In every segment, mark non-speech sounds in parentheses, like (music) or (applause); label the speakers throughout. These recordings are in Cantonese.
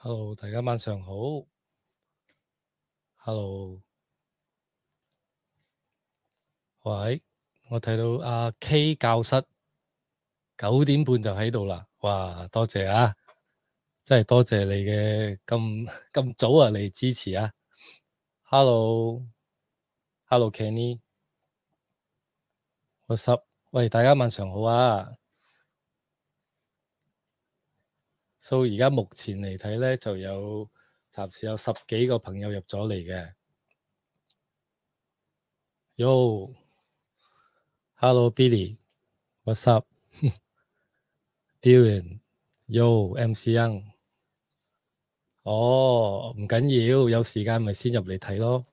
Speaker 1: Hello，大家晚上好。Hello，喂，我睇到阿 K 教室九點半就喺度啦，嘩，多謝啊，真係多謝你嘅咁咁早啊嚟支持啊。Hello，Hello Hello, Kenny，我十，喂，大家晚上好啊。So 而家目前嚟睇咧，就有暫時有十幾個朋友入咗嚟嘅。Yo，Hello Billy，What's up？Dylan，Yo，MC (laughs) n 哦，唔緊要，有時間咪先入嚟睇咯。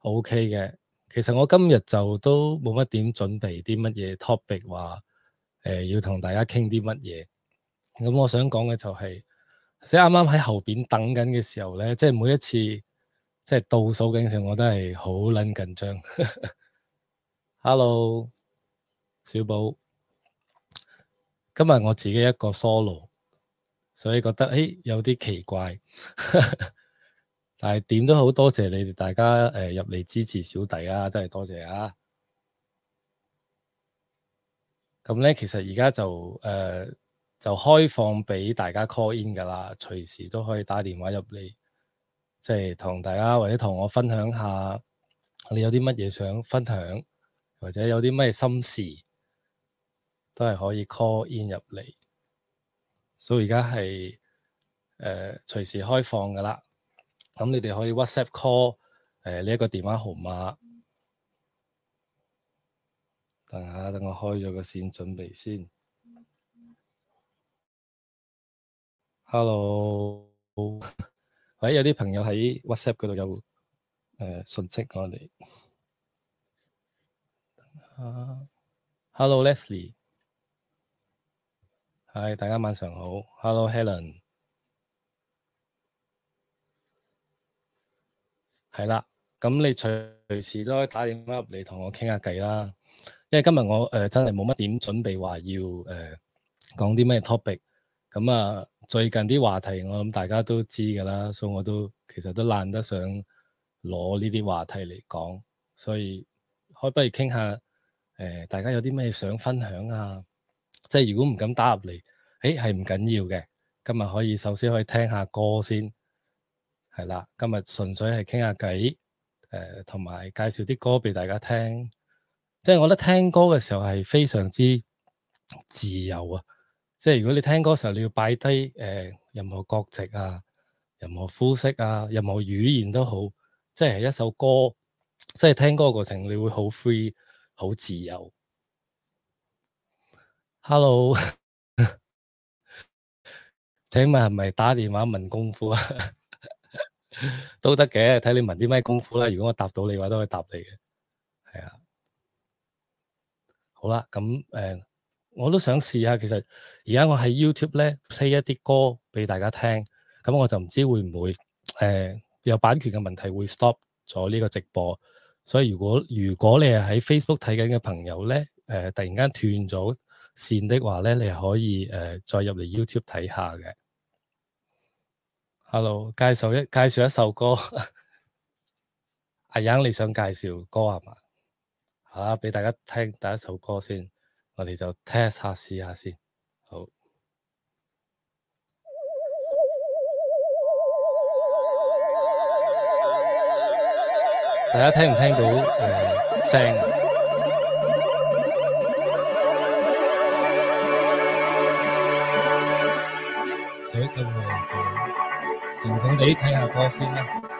Speaker 1: OK 嘅，其實我今日就都冇乜點準備啲乜嘢 topic 話，誒、呃、要同大家傾啲乜嘢。咁我想講嘅就係即啱啱喺後邊等緊嘅時候咧，即係每一次即係倒數嘅時候，我都係好撚緊張。 (laughs) Hello，小寶，今日我自己一個 solo，所以覺得誒有啲奇怪， (laughs) 但係點都好多謝你哋大家誒入嚟支持小弟啊，真係多謝啊！咁咧，其實而家就誒。呃就開放畀大家 call in 㗎啦，隨時都可以打電話入嚟，即係同大家或者同我分享下你有啲乜嘢想分享，或者有啲乜嘢心事都係可以 call in 入嚟。所以而家係誒隨時開放㗎啦。咁你哋可以 WhatsApp call 誒呢一個電話號碼。等下，等我開咗個線準備先。Hello，喺、 (laughs) 哎、有啲朋友喺 WhatsApp 嗰度有誒、呃、信息我哋 (laughs) ，Hello，Leslie，係、哎、大家晚上好。Hello，Helen，係啦，咁 (laughs) 你隨隨時都可以打電話入嚟同我傾下偈啦，因為今日我誒、呃、真係冇乜點準備話要誒、呃、講啲咩 topic，咁、嗯、啊。最近啲話題，我諗大家都知㗎啦，所以我都其實都懶得想攞呢啲話題嚟講，所以可不如傾下誒、呃，大家有啲咩想分享啊？即係如果唔敢打入嚟，誒係唔緊要嘅。今日可以首先可以聽下歌先，係啦，今日純粹係傾下偈，同、呃、埋介紹啲歌俾大家聽。即係我覺得聽歌嘅時候係非常之自由啊！即係如果你聽歌嘅時候，你要擺低誒任何國籍啊、任何膚色啊、任何語言都好，即係一首歌，即係聽歌嘅過程，你會好 free、好自由。Hello， (laughs) 請問係咪打電話問功夫啊？ (laughs) 都得嘅，睇你問啲咩功夫啦。如果我答到你嘅話，都可以答你嘅。係啊，好啦，咁誒。呃我都想試下，其實而家我喺 YouTube 呢 play 一啲歌畀大家聽，咁我就唔知會唔會誒、呃、有版權嘅問題會 stop 咗呢個直播，所以如果如果你係喺 Facebook 睇緊嘅朋友呢，誒、呃、突然間斷咗線的話呢，你可以誒、呃、再入嚟 YouTube 睇下嘅。Hello，介紹一介紹一首歌，阿 (laughs) 仁、啊、你想介紹歌係嘛？吓，俾、啊、大家聽第一首歌先。我哋就 test 下試下先，好。大家聽唔聽到呃聲？
Speaker 2: 所以咁就靜靜地聽下歌先啦。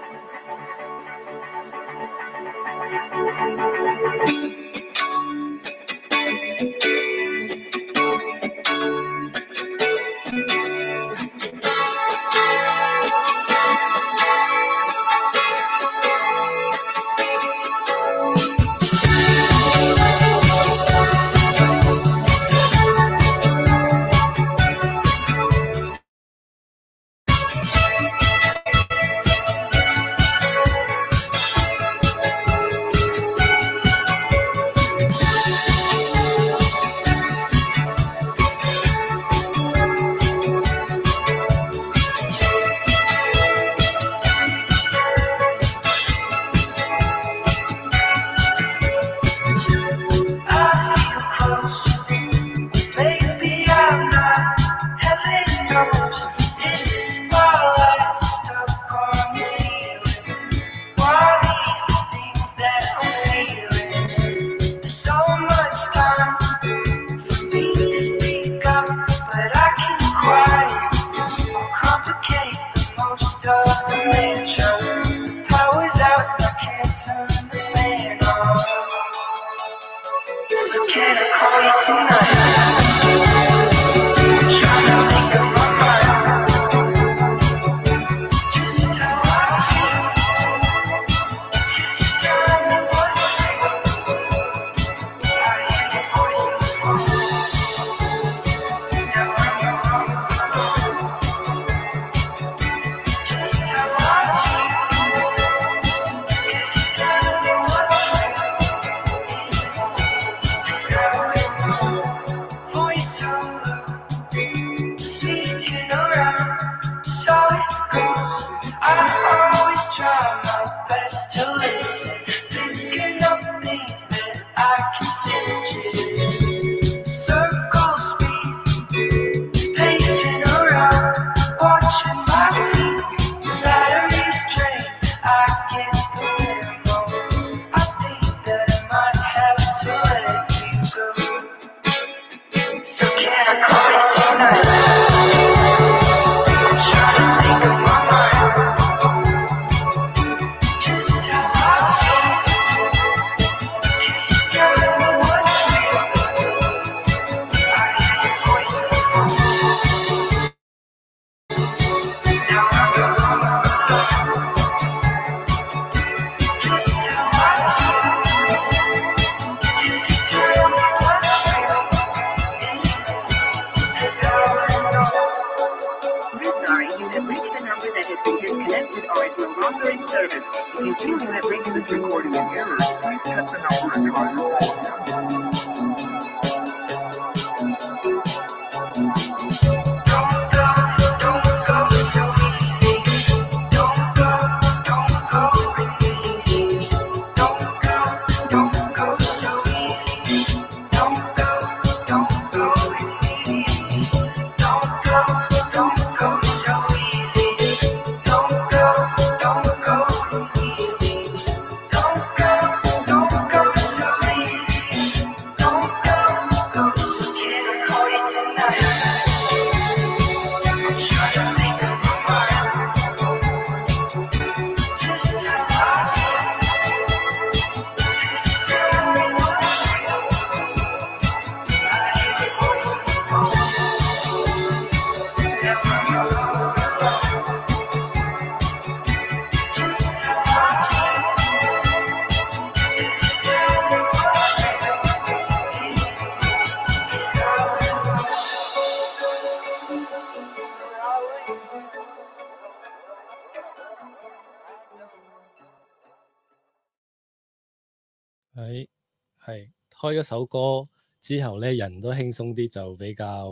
Speaker 1: 一首歌之後咧，人都輕鬆啲，就比較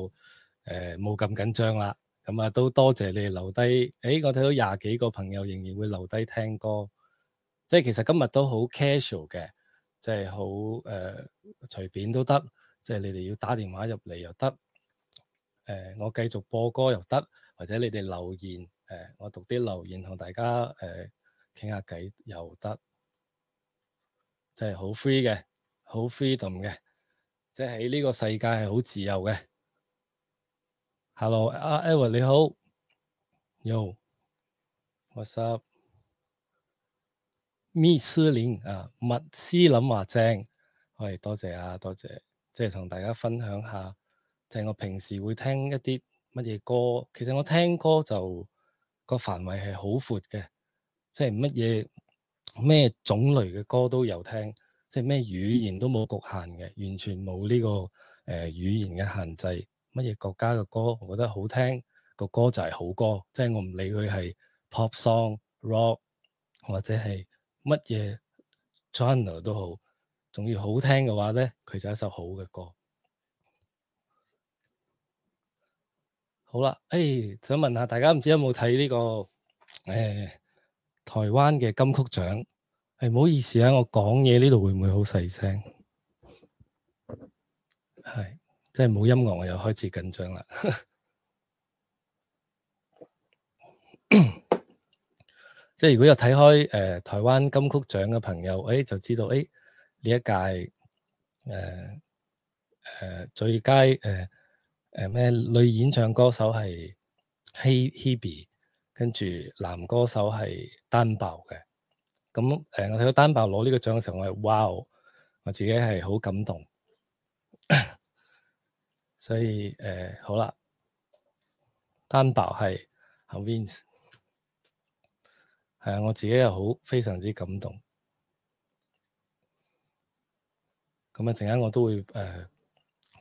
Speaker 1: 誒冇咁緊張啦。咁、呃、啊，都多謝你哋留低。誒、欸，我睇到廿幾個朋友仍然會留低聽歌，即係其實今日都好 casual 嘅，即係好誒隨便都得。即係你哋要打電話入嚟又得，誒、呃、我繼續播歌又得，或者你哋留言，誒、呃、我讀啲留言同大家誒傾下偈又得，即係好 free 嘅。好 freedom 嘅，即係呢個世界係好自由嘅。Hello，阿 Eva 你好，Yo，What's up？密斯林啊，密斯林話正。係多謝啊，多謝，即係同大家分享下，就係我平時會聽一啲乜嘢歌。其實我聽歌就個範圍係好闊嘅，即係乜嘢咩種類嘅歌都有聽。即係咩語言都冇局限嘅，完全冇呢個誒語言嘅限制。乜嘢國家嘅歌，我覺得好聽，個歌就係好歌。即係我唔理佢係 pop song、rock 或者係乜嘢 channel 都好，仲要好聽嘅話咧，佢就係一首好嘅歌。好啦，誒想問下大家，唔知有冇睇呢個誒台灣嘅金曲獎？係唔、哎、好意思啊！我講嘢呢度會唔會好細聲？係，即係冇音樂我又開始緊張啦。 (laughs) 即係如果有睇開誒、呃、台灣金曲獎嘅朋友，誒、哎、就知道誒呢、哎、一屆誒誒、呃呃、最佳誒誒咩女演唱歌手係 He Hebe，跟住男歌手係單爆嘅。咁誒、嗯，我睇到丹爆攞呢個獎嘅時候，我係哇！我自己係好感動， (laughs) 所以誒、呃、好啦，丹爆係 Wins，係啊，我自己又好非常之感動。咁啊，一陣間我都會誒、呃、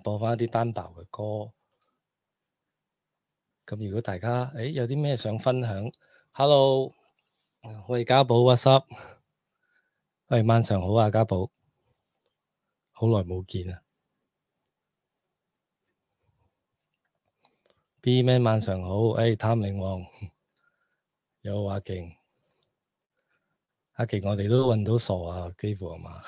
Speaker 1: 播翻一啲丹爆嘅歌。咁如果大家誒有啲咩想分享，Hello。我家家寶啊，濕。喂，晚上好啊，家寶，好耐冇見啊。BMan 晚上好，哎，探靈王有阿勁，阿勁我哋都搵到傻啊，幾乎啊嘛。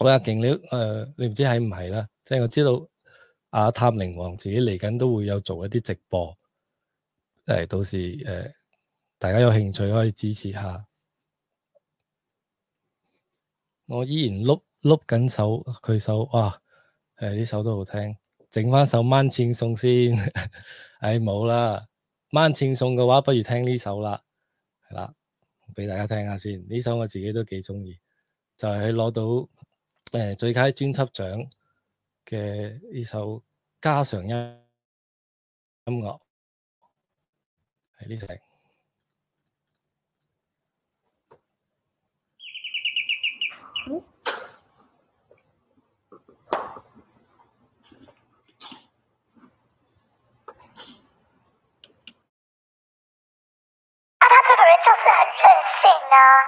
Speaker 1: 喂阿勁，誒，你唔、呃、知係唔係啦？即、就、係、是、我知道阿探靈王自己嚟緊都會有做一啲直播。誒，到時誒、呃，大家有興趣可以支持下。我依然碌碌緊手，佢首「哇，誒、呃、呢首都好聽，整翻首《蚊纖送》先。誒冇啦，《蚊纖送》嘅話，不如聽呢首啦，係啦，畀大家聽下先。呢首我自己都幾鍾意，就係、是、攞到誒、呃、最佳專輯獎嘅呢首家常音音樂。係啊，他這個人就是很任性啊！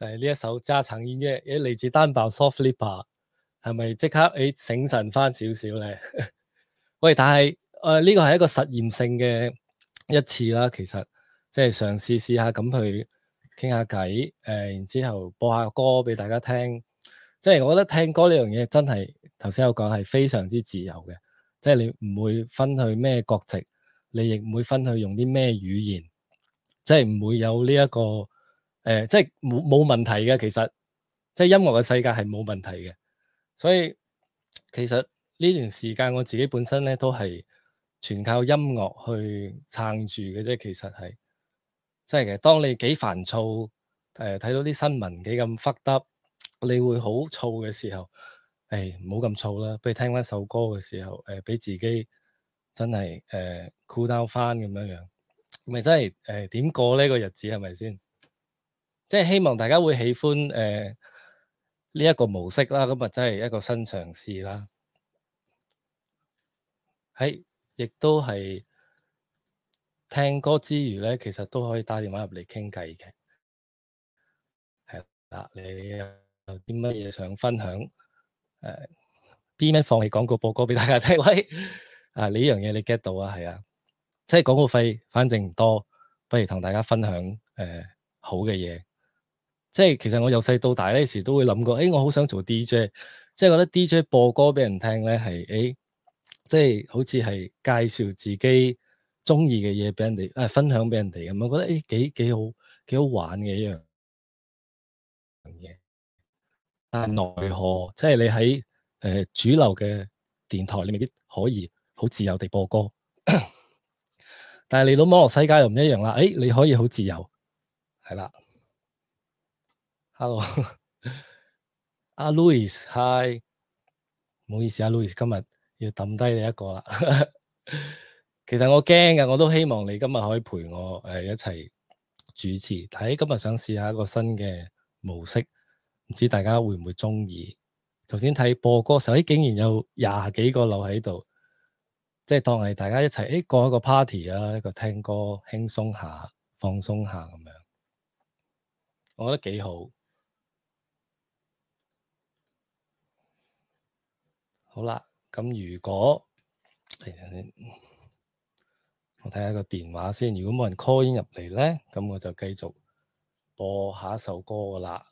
Speaker 1: 誒，呢一首揸橙音嘅一嚟自蛋堡 Soft Lipa 吧，係咪即刻誒醒神翻少少咧？ (laughs) 喂，但係誒呢個係一個實驗性嘅一次啦，其實即係嘗試試下咁去傾下偈，誒、呃，然之後播下歌俾大家聽。即係我覺得聽歌呢樣嘢真係頭先有講係非常之自由嘅，即係你唔會分去咩國籍，你亦唔會分去用啲咩語言，即係唔會有呢、這、一個。誒，即係冇冇問題嘅，其實即係音樂嘅世界係冇問題嘅，所以其實呢段時間我自己本身咧都係全靠音樂去撐住嘅啫，其實係即係其實當你幾煩躁，誒、呃、睇到啲新聞幾咁核突，你會好躁嘅時候，誒，唔好咁躁啦，不如聽翻首歌嘅時候，誒、呃、俾自己真係誒 cool down 翻咁樣樣，咪真係誒點過呢個日子係咪先？是即係希望大家會喜歡誒呢一個模式啦，咁啊真係一個新嘗試啦。喺、哎、亦都係聽歌之餘咧，其實都可以打電話入嚟傾偈嘅。係啊，你有啲乜嘢想分享？誒、呃、b m a 放棄廣告播歌畀大家聽，喂！ (laughs) 啊，你呢樣嘢你 get 到啊，係啊，即係廣告費反正唔多，不如同大家分享誒、呃、好嘅嘢。即係其實我由細到大呢時都會諗過，誒、哎，我好想做 DJ，即係覺得 DJ 播歌俾人聽咧，係、哎、誒，即係好似係介紹自己中意嘅嘢俾人哋，誒、哎，分享俾人哋咁，我覺得誒幾幾好，幾好玩嘅一樣嘢。但係奈何，即係你喺誒、呃、主流嘅電台，你未必可以好自由地播歌。 (coughs) 但係嚟到網絡世界又唔一樣啦，誒、哎，你可以好自由，係啦。hello，阿、啊、Louis，hi，唔好意思啊，Louis，今日要抌低你一個啦。 (laughs) 其實我驚㗎，我都希望你今日可以陪我誒、呃、一齊主持。睇今日想試一下一個新嘅模式，唔知大家會唔會鍾意？頭先睇播歌嘅時候，竟然有廿幾個留喺度，即係當係大家一齊誒過一個 party 啊，一個聽歌輕鬆下、放鬆下咁樣，我覺得幾好。好啦，咁如果等等我睇下個電話先，如果冇人 call in 入嚟咧，咁我就繼續播下一首歌噶啦，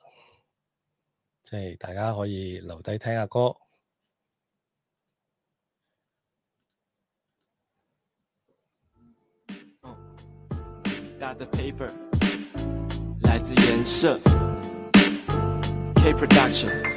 Speaker 1: 即係大家可以留低聽下歌。Oh,
Speaker 3: got the paper, 來自顏色。K Production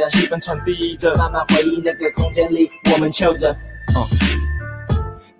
Speaker 3: 氣氛傳遞着，慢慢回憶那個空間裏，我們笑着。
Speaker 4: 哦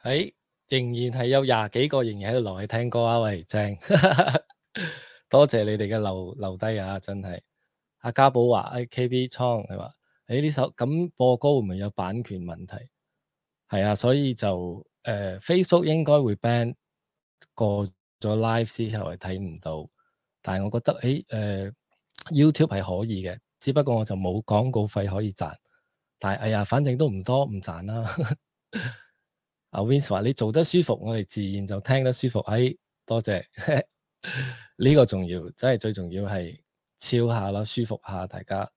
Speaker 1: 誒、哎，仍然係有廿幾個仍然喺度留喺聽歌啊！喂，正， (laughs) 多謝你哋嘅留留低啊！真係，阿家寶話：I K B Chong 係嘛？誒、哎，呢首咁播歌會唔會有版權問題？係啊，所以就誒、呃、，Facebook 應該會 ban 過咗 live 之後係睇唔到，但係我覺得誒，誒、哎呃、，YouTube 係可以嘅，只不過我就冇廣告費可以賺，但係哎呀，反正都唔多唔賺啦。 (laughs) 阿 Wins 話你做得舒服，我哋自然就聽得舒服。喺、哎、多謝呢 (laughs) 個重要，真係最重要係笑下啦，舒服下大家，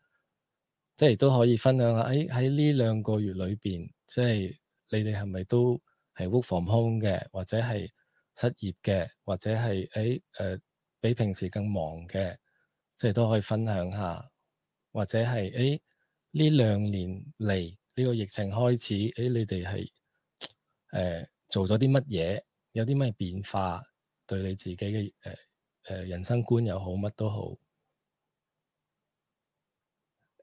Speaker 1: 即係都可以分享下。喺喺呢兩個月裏邊，即係你哋係咪都係 work from home 嘅？或者係失業嘅，或者係誒誒比平時更忙嘅，即係都可以分享下，或者係誒呢兩年嚟呢、呢個疫情開始，誒、哎、你哋係。誒做咗啲乜嘢？有啲咩變化？對你自己嘅誒誒人生觀又好，乜都好。誒、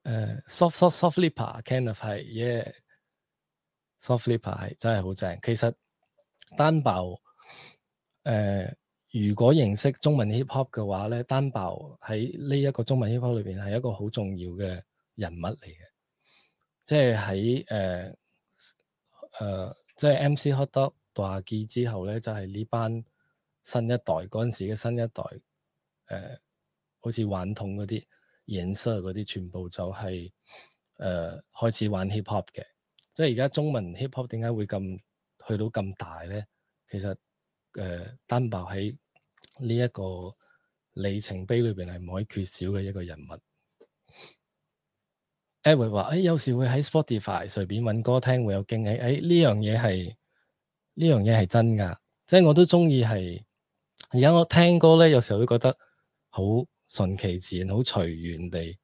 Speaker 1: 呃、soft soft Soft Lipa kind of 係 yeah Soft Lipa 係真係好正。其實單爆，誒、呃，如果認識中文 hip hop 嘅話咧，單爆喺呢一個中文 hip hop 裏邊係一個好重要嘅人物嚟嘅。即係喺誒誒。呃呃即係 MC Hotdog，大支之後咧，就係、是、呢班新一代嗰陣時嘅新一代，誒、呃，好似頑童嗰啲、顏社嗰啲，全部就係、是、誒、呃、開始玩 hip hop 嘅。即係而家中文 hip hop 點解會咁去到咁大咧？其實誒，蛋堡喺呢一個里程碑裏邊係唔可以缺少嘅一個人物。Edward 話：誒、哎、有時會喺 Spotify 隨便揾歌聽，會有驚喜。誒呢樣嘢係，呢樣嘢係真㗎，即係我都中意係。而家我聽歌咧，有時候都覺得好順其自然，好隨緣地。誒、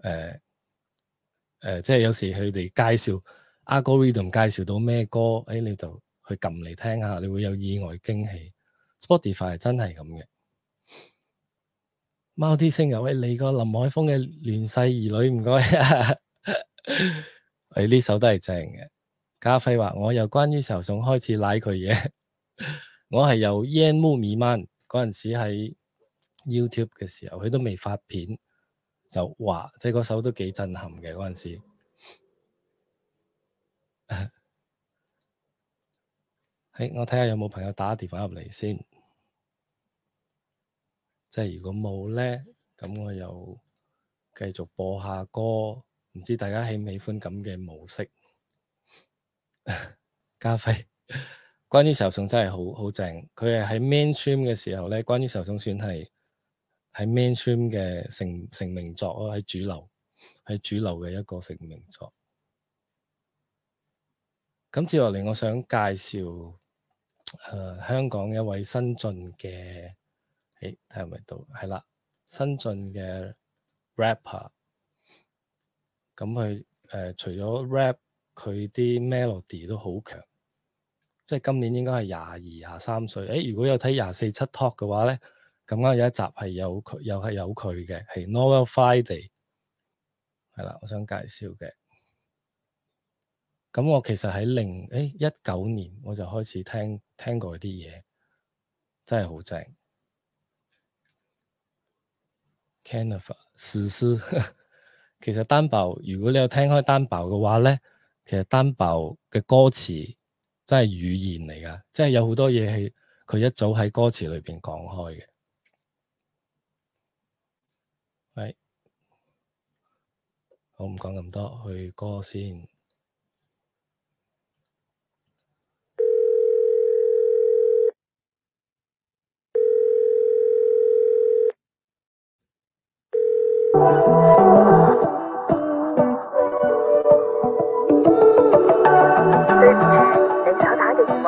Speaker 1: 呃、誒、呃，即係有時佢哋介紹 algorithm 介紹到咩歌，誒、哎、你就去撳嚟聽下，你會有意外驚喜。Spotify 係真係咁嘅。貓啲聲啊！喂，你個林海峰嘅亂世兒女唔該啊！ (laughs) 喂，呢首都係正嘅。家輝話：，我由關於仇候想開始瀨佢嘢， (laughs) 我係由煙霧彌漫嗰陣時喺 YouTube 嘅時候，佢都未發片就話，即係嗰首都幾震撼嘅嗰陣時。係、 (laughs) 哎，我睇下有冇朋友打電話入嚟先。即係如果冇咧，咁我又繼續播下歌。唔知大家喜唔喜歡咁嘅模式？ (laughs) 加菲輩， (laughs) 關於受寵真係好好正。佢係喺 mainstream 嘅時候咧，關於受寵算係喺 mainstream 嘅成成名作咯，喺主流，喺主流嘅一個成名作。咁接落嚟，我想介紹誒、呃、香港一位新進嘅。睇下咪到？係啦，新晉嘅 rapper，咁、嗯、佢誒、呃、除咗 rap，佢啲 melody 都好強。即係今年應該係廿二、廿三歲。誒，如果有睇廿四七 top 嘅話咧，咁啱有一集係有佢，又係有佢嘅，係 Novel Friday，係啦，我想介紹嘅。咁、嗯、我其實喺零誒一九年我就開始聽聽過啲嘢，真係好正。Canva，事實其實單爆。如果你有聽開單爆嘅話咧，其實單爆嘅歌詞真係語言嚟㗎，即係有好多嘢係佢一早喺歌詞裏邊講開嘅。係，我唔講咁多，去歌先。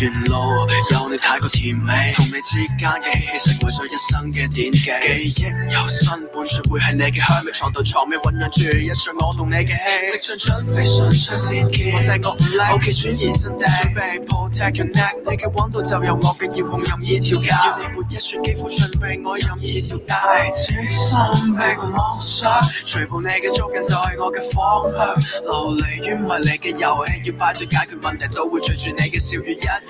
Speaker 5: 沿路有你太過甜美，同你之間嘅嬉戲成為咗一生嘅典記。記憶由身伴住，會係你嘅香味床頭床尾醞釀住一場我同你嘅戲。直進準備上
Speaker 6: 出先見，我正我唔 like。O.K. 轉移陣地，準備 Protect your neck。你嘅溫度就由我嘅遙控任意調節，要你每一寸肌膚準備我任意調大。小心被妄想，隨步你嘅足印，就係我嘅方向。流離於迷離嘅遊戲，要擺脫解決問題，問題都會隨住你嘅笑語一。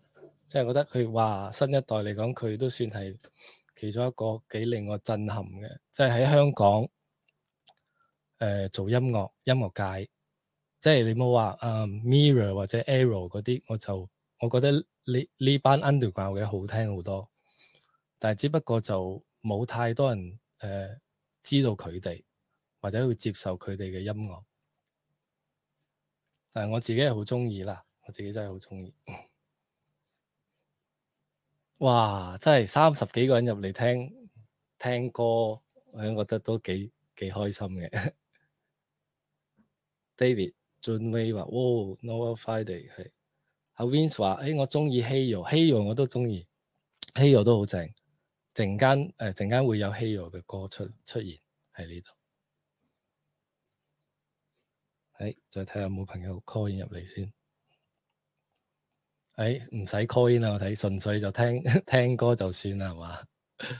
Speaker 1: 即係我覺得佢話，新一代嚟講，佢都算係其中一個幾令我震撼嘅。即係喺香港誒、呃、做音樂，音樂界即係你冇話啊 Mirror 或者 ERROR 嗰啲，我就我覺得呢呢班 underground 嘅好聽好多，但係只不過就冇太多人誒、呃、知道佢哋，或者會接受佢哋嘅音樂。但係我自己係好鍾意啦，我自己真係好鍾意。哇！真係三十幾個人入嚟，聽聽歌，我覺得都幾幾開心嘅。 (laughs) David j u n 俊偉話，哇，oh，Noel Friday 係。阿 Wins 話，誒、hey, hey hey，我鍾意 hero，hero 我都鍾意，hero 都好正。陣間誒，陣、呃、間會有 hero 嘅歌出出現喺呢度。喺，再睇下有冇朋友 call in 入嚟先。誒，唔使 coin 啦，我睇純粹就聽聽歌就算啦，係嘛？誒、 (laughs)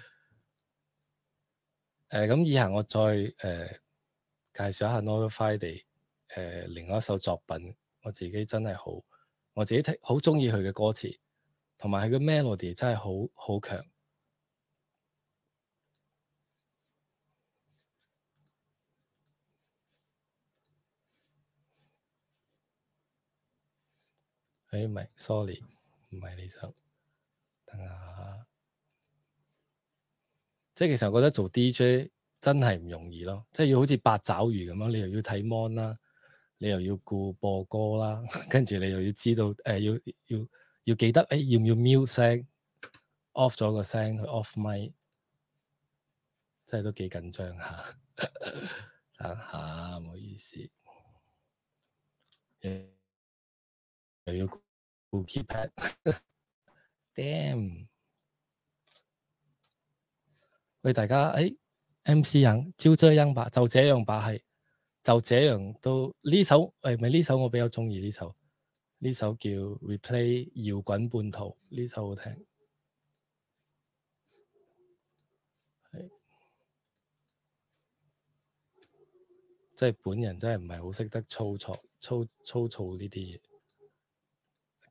Speaker 1: 呃，咁以下我再誒、呃、介紹一下 n o t i f i d 地誒、呃、另外一首作品，我自己真係好，我自己聽好鍾意佢嘅歌詞，同埋佢嘅 melody 真係好好強。誒唔係，sorry，唔係李生，等，等下。即係其實我覺得做 DJ 真係唔容易咯，即係要好似八爪魚咁樣，你又要睇 mon 啦，你又要顧播歌啦，跟住你又要知道誒、呃，要要要記得誒、哎，要唔要 mute 聲，off 咗個聲，off m 麥，真係都幾緊張下。 (laughs) 等，等下，唔好意思。Yeah. 又要估
Speaker 2: keypad？Damn！
Speaker 1: (noise) (noise) 喂大家，誒、哎、MC 人，就遮音吧，就這樣吧，係，就這樣都呢首，誒、哎，唔係呢首我比較中意呢首，呢首叫《Replay 搖滾半途》，呢首好聽。係，即係本人真係唔係好識得操作、操操作呢啲嘢。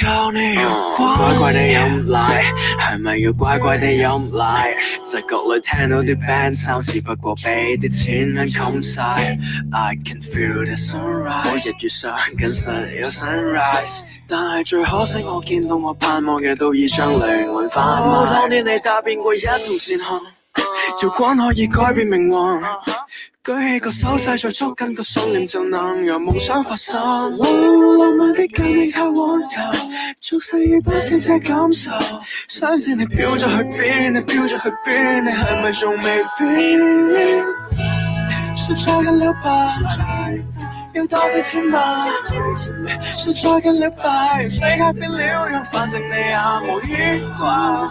Speaker 6: 教你乖乖地飲奶，係咪要乖乖地飲奶？在局裏聽到啲 band sound，只不過俾啲錢眼窮曬。I can feel the sunrise，我日月上緊實有 sunrise，但係最可惜我見到我盼望嘅都已將靈魂販賣。Oh, 當年你答應
Speaker 7: 過一同前行，陽光可以改變命運。舉起個手勢，再捉緊個信念，就能讓夢想發生。哦、浪漫的革命太温柔，俗世已不屑這感受。想知你飄咗去邊？你
Speaker 6: 飄咗去邊？你係咪仲未變？說再見了吧？要多幾錢吧？說再見了吧，世界變了樣，反正你也無牽掛。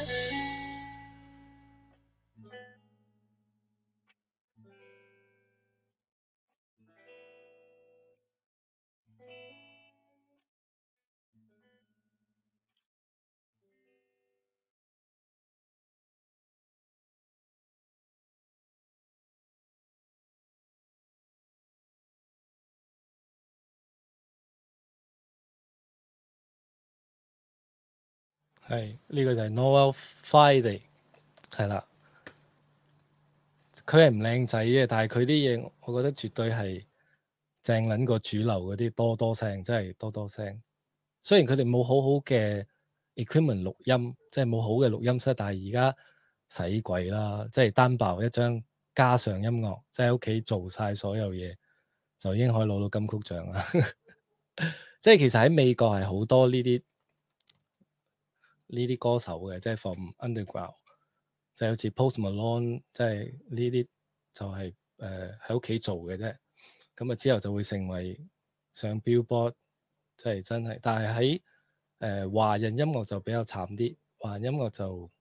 Speaker 1: 係呢，這個就係 Noel Friday，係啦，佢係唔靚仔嘅，但係佢啲嘢，我覺得絕對係正撚過主流嗰啲多多聲，真係多多聲。雖然佢哋冇好好嘅 equipment 錄音，即係冇好嘅錄音室，但係而家使鬼啦，即係單爆一張加上音樂，即係喺屋企做晒所有嘢，就已經可以攞到金曲獎啦。 (laughs) 即係其實喺美國係好多呢啲。呢啲歌手嘅即係 from underground，就好似 Post Malone，即係呢啲就係誒喺屋企做嘅啫。咁啊之後就會成為上 Billboard，即係真係。但係喺誒華人音樂就比較慘啲，華人音樂就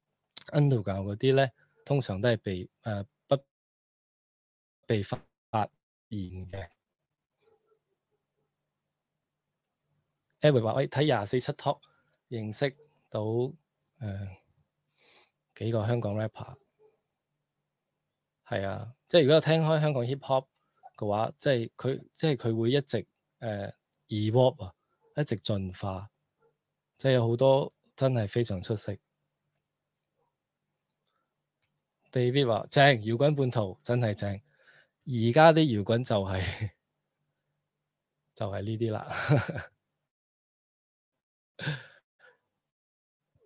Speaker 1: underground 嗰啲呢，通常都係被誒、呃、不被發現嘅。Everybody 話喂，睇廿四七 talk 認識。到誒、呃、幾個香港 rapper 係啊，即係如果我聽開香港 hip hop 嘅話，即係佢即係佢會一直誒 evolve 啊，呃、evolve，一直進化，即係有好多真係非常出色。David 話正搖滾半途真係正，而家啲搖滾就係、係、就係呢啲啦。 (laughs)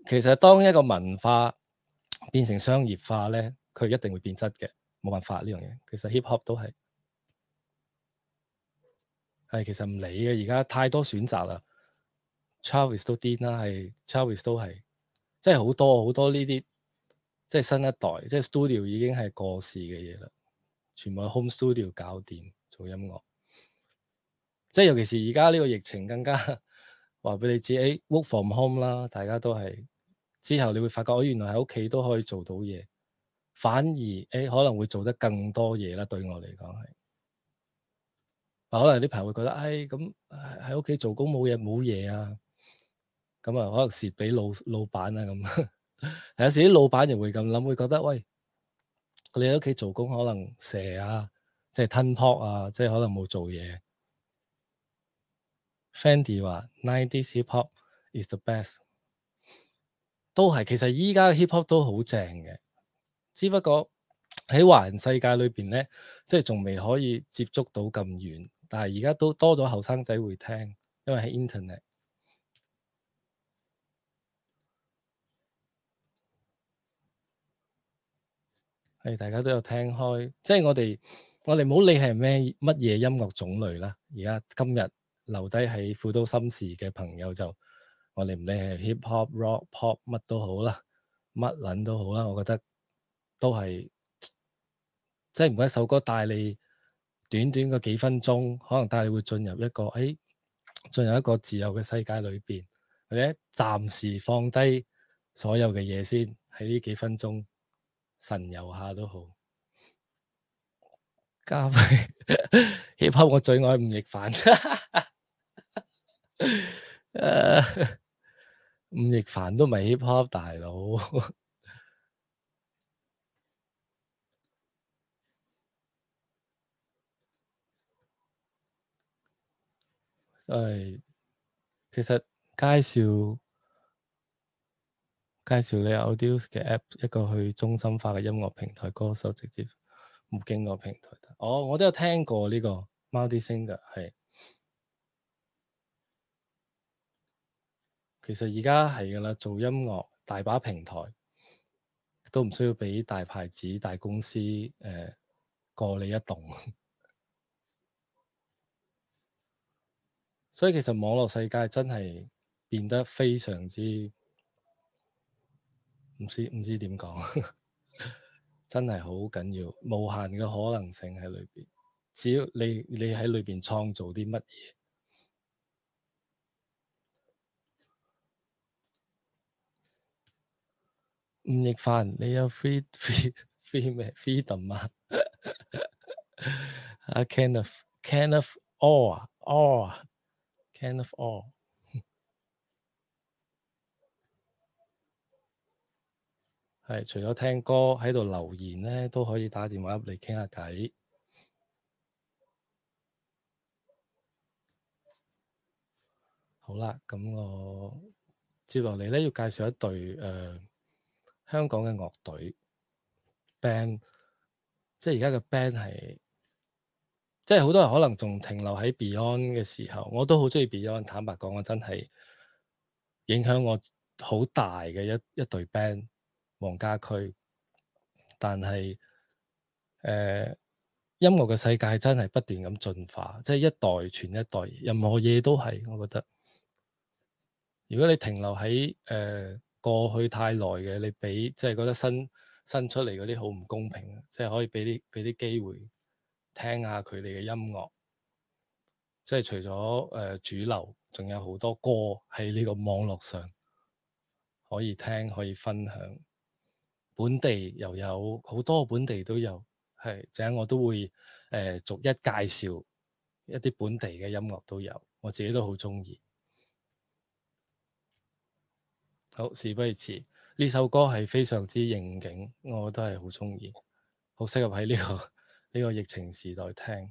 Speaker 1: 其實當一個文化變成商業化呢，佢一定會變質嘅，冇辦法呢樣嘢。其實 hip hop 都係，係、哎、其實唔理嘅。而家太多選擇啦，Chavis 都癲啦，係 Chavis 都係，即係好多好多呢啲，即係新一代，即係 studio 已經係過時嘅嘢啦，全部係 home studio 搞掂做音樂，即係尤其是而家呢個疫情更加，話俾你知，誒、哎、work from home 啦，大家都係。之後你會發覺、哎、原來喺屋企都可以做到嘢，反而誒、哎、可能會做得更多嘢啦。對我嚟講係，可能有啲朋友會覺得，唉、哎，咁喺屋企做工冇嘢冇嘢啊，咁啊可能蝕俾老老闆啊咁。 (laughs) 有時啲老闆又會咁諗，會覺得喂，你喺屋企做工可能蛇啊，即係吞泡啊，即係可能冇做嘢。 (laughs) Fendi 話 Nineties hip hop is the best。都係，其實而家嘅 hip hop 都好正嘅，只不過喺華人世界裏邊咧，即係仲未可以接觸到咁遠，但係而家都多咗後生仔會聽，因為喺 internet，係大家都有聽開，即係我哋我哋冇理係咩乜嘢音樂種類啦，而家今日留低喺富都心事嘅朋友就。我哋唔理係 hip hop、rock、pop 乜都好啦，乜捻都好啦，我覺得都係，即係唔怪首歌帶你短短個幾分鐘，可能帶你會進入一個誒，進入一個自由嘅世界裏邊，或者暫時放低所有嘅嘢先，喺呢幾分鐘神遊下都好。加埋 (laughs) ，hip hop 我最愛吳亦凡。 (laughs) uh, 吳亦凡都唔係 hip hop 大佬。誒、 (laughs) 哎，其實介紹介紹你有 Audius 嘅 app，一個去中心化嘅音樂平台，歌手直接唔經過平台。哦，我都有聽過呢、這個 Muldy Singer 係。其實而家係噶啦，做音樂大把平台都唔需要畀大牌子、大公司誒、呃、過你一棟， (laughs) 所以其實網絡世界真係變得非常之唔知唔知點講， (laughs) 真係好緊要，無限嘅可能性喺裏邊，只要你你喺裏邊創造啲乜嘢。吳亦凡，你有 free free free 咩 free 度嘛？啊，can of can of oil oil can of oil，係除咗聽歌喺度留言呢，都可以打電話入嚟傾下偈。好啦，咁我接落嚟呢，要介紹一對誒。香港嘅樂隊 band，即係而家嘅 band 係，即係好多人可能仲停留喺 Beyond 嘅時候，我都好鍾意 Beyond。坦白講，我真係影響我好大嘅一一隊 band，黃家駒。但係，誒、呃，音樂嘅世界真係不斷咁進化，即係一代傳一代，任何嘢都係。我覺得，如果你停留喺誒。呃過去太耐嘅，你畀，即係覺得新新出嚟嗰啲好唔公平，即係可以畀啲畀啲機會聽下佢哋嘅音樂。即係除咗誒、呃、主流，仲有好多歌喺呢個網絡上可以聽，可以分享。本地又有好多本地都有，係陣間我都會誒、呃、逐一介紹一啲本地嘅音樂都有，我自己都好鍾意。好，事不宜遲。呢首歌係非常之應景，我都係好鍾意，好適合喺呢個呢個疫情時代聽。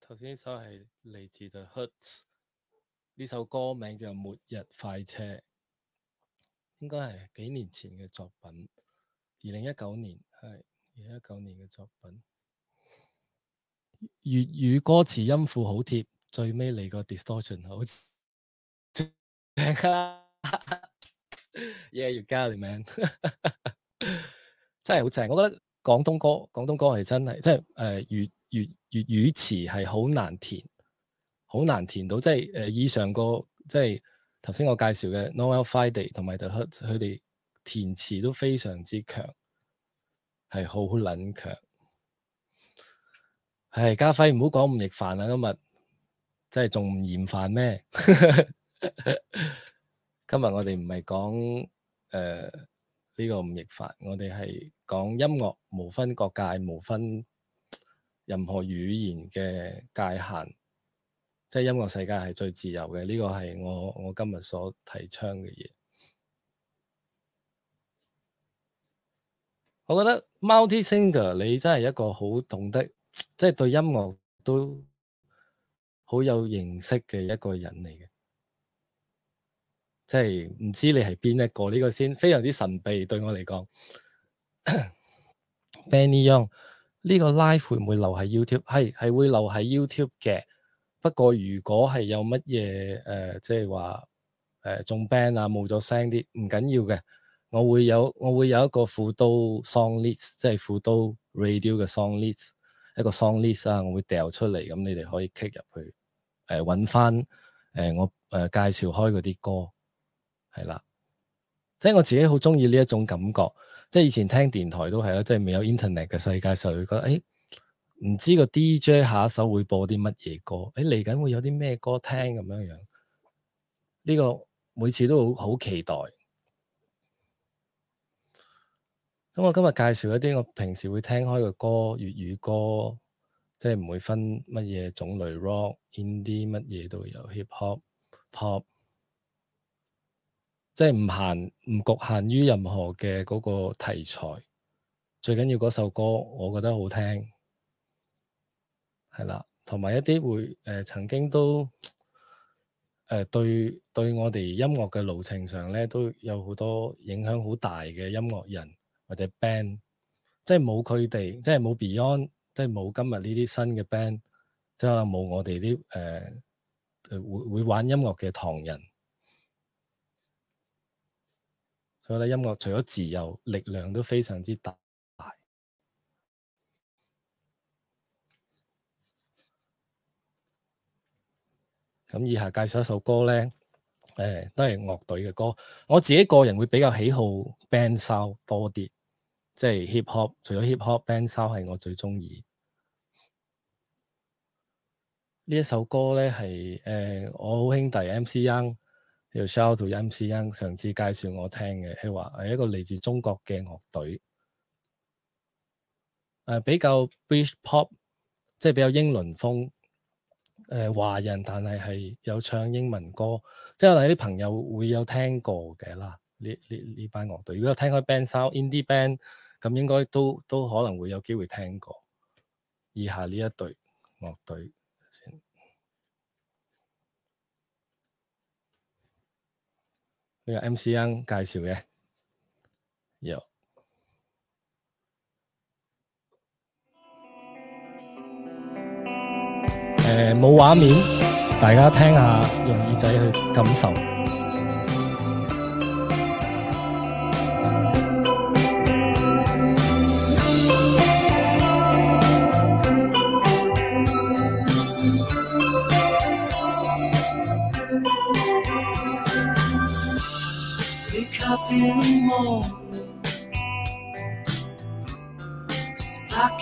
Speaker 1: 頭先呢首係嚟自 The Hoods 呢首歌名叫《末日快車》，應該係幾年前嘅作品，二零一九年係二零一九年嘅作品。粵語歌詞音符好貼，最尾你個 distortion 好似、啊，正 (laughs) 啊！Yeah，you got it，man， (laughs) 真係好正。我覺得廣東歌，廣東歌係真係，真係誒粵粵。呃粵語詞係好難填，好難填到，即係誒、呃，以上個即係頭先我介紹嘅 Noel Friday 同埋，The Hut 佢佢哋填詞都非常之強，係好撚強。係家輝唔好講吳亦凡啊，今日即係仲唔嫌煩咩？ (laughs) 今日我哋唔係講誒呢個吳亦凡，我哋係講音樂，無分國界，無分。任何語言嘅界限，即係音樂世界係最自由嘅。呢個係我我今日所提倡嘅嘢。我覺得 multi singer 你真係一個好懂得，即係對音樂都好有認識嘅一個人嚟嘅。即係唔知你係邊一個？呢個先非常之神秘對我嚟講。 (coughs) Benny Young。呢個 live 會唔會留喺 YouTube？係係會留喺 YouTube 嘅。不過如果係有乜嘢誒，即係話誒中 band 啊，冇咗聲啲，唔緊要嘅。我會有我會有一個副都 song list，即係副都 radio 嘅 song list，一個 song list 啊，我會掉出嚟，咁你哋可以 kick 入去，誒搵返誒我誒、呃、介紹開嗰啲歌，係啦，即係我自己好中意呢一種感覺。即係以前聽電台都係啦，即係未有 internet 嘅世界時候，會覺得誒唔知個 DJ 下一首會播啲乜嘢歌？誒嚟緊會有啲咩歌聽咁樣樣。呢個每次都好好期待。咁我今日介紹一啲我平時會聽開嘅歌，粵語歌，即係唔會分乜嘢種類，rock、indie 乜嘢都有，hip hop、pop。即係唔限唔局限於任何嘅嗰個題材，最緊要嗰首歌我覺得好聽，係啦，同埋一啲會誒、呃、曾經都誒、呃、對對我哋音樂嘅路程上咧都有好多影響好大嘅音樂人或者 band，即係冇佢哋，即係冇 Beyond，即係冇今日呢啲新嘅 band，即係可能冇我哋啲誒會會玩音樂嘅唐人。所以咧，音樂除咗自由，力量都非常之大。咁以下介紹一首歌咧，誒、呃，都係樂隊嘅歌。我自己個人會比較喜好 band sound 多啲，即係 hip hop 除 hip。除咗 hip hop，band sound 係我最鍾意。呢一首歌咧係誒，我好兄弟 MC Young。有 show 到 M.C.N 上次介紹我聽嘅，係話係一個嚟自中國嘅樂隊，誒、呃、比較 British pop，即係比較英倫風，誒、呃、華人但係係有唱英文歌，即係可能啲朋友會有聽過嘅啦。呢呢呢班樂隊，如果有聽開 band sound indie band，咁應該都都可能會有機會聽過。以下呢一隊樂隊先。呢個 MCN 介紹嘅，有，誒、冇畫面，大家聽下用耳仔去感受。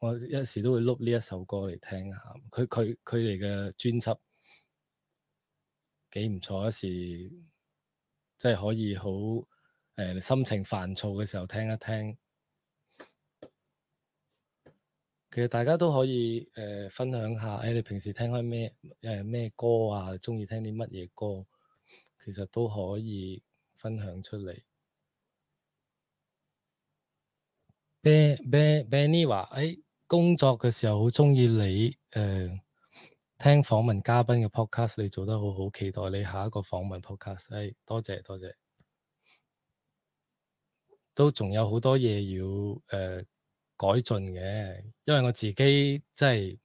Speaker 1: 我一時都會碌呢一首歌嚟聽下，佢佢佢哋嘅專輯幾唔錯，一時即係可以好誒、呃、心情煩躁嘅時候聽一聽。其實大家都可以誒、呃、分享下，誒、哎、你平時聽開咩誒咩歌啊？鍾意聽啲乜嘢歌？其實都可以分享出嚟。Ben Ben Benny 話，誒、呃。呃呃呃呃呃工作嘅時候好鍾意你，誒、呃，聽訪問嘉賓嘅 podcast，你做得好好，期待你下一個訪問 podcast，係、哎、多謝多謝，都仲有好多嘢要誒、呃、改進嘅，因為我自己真係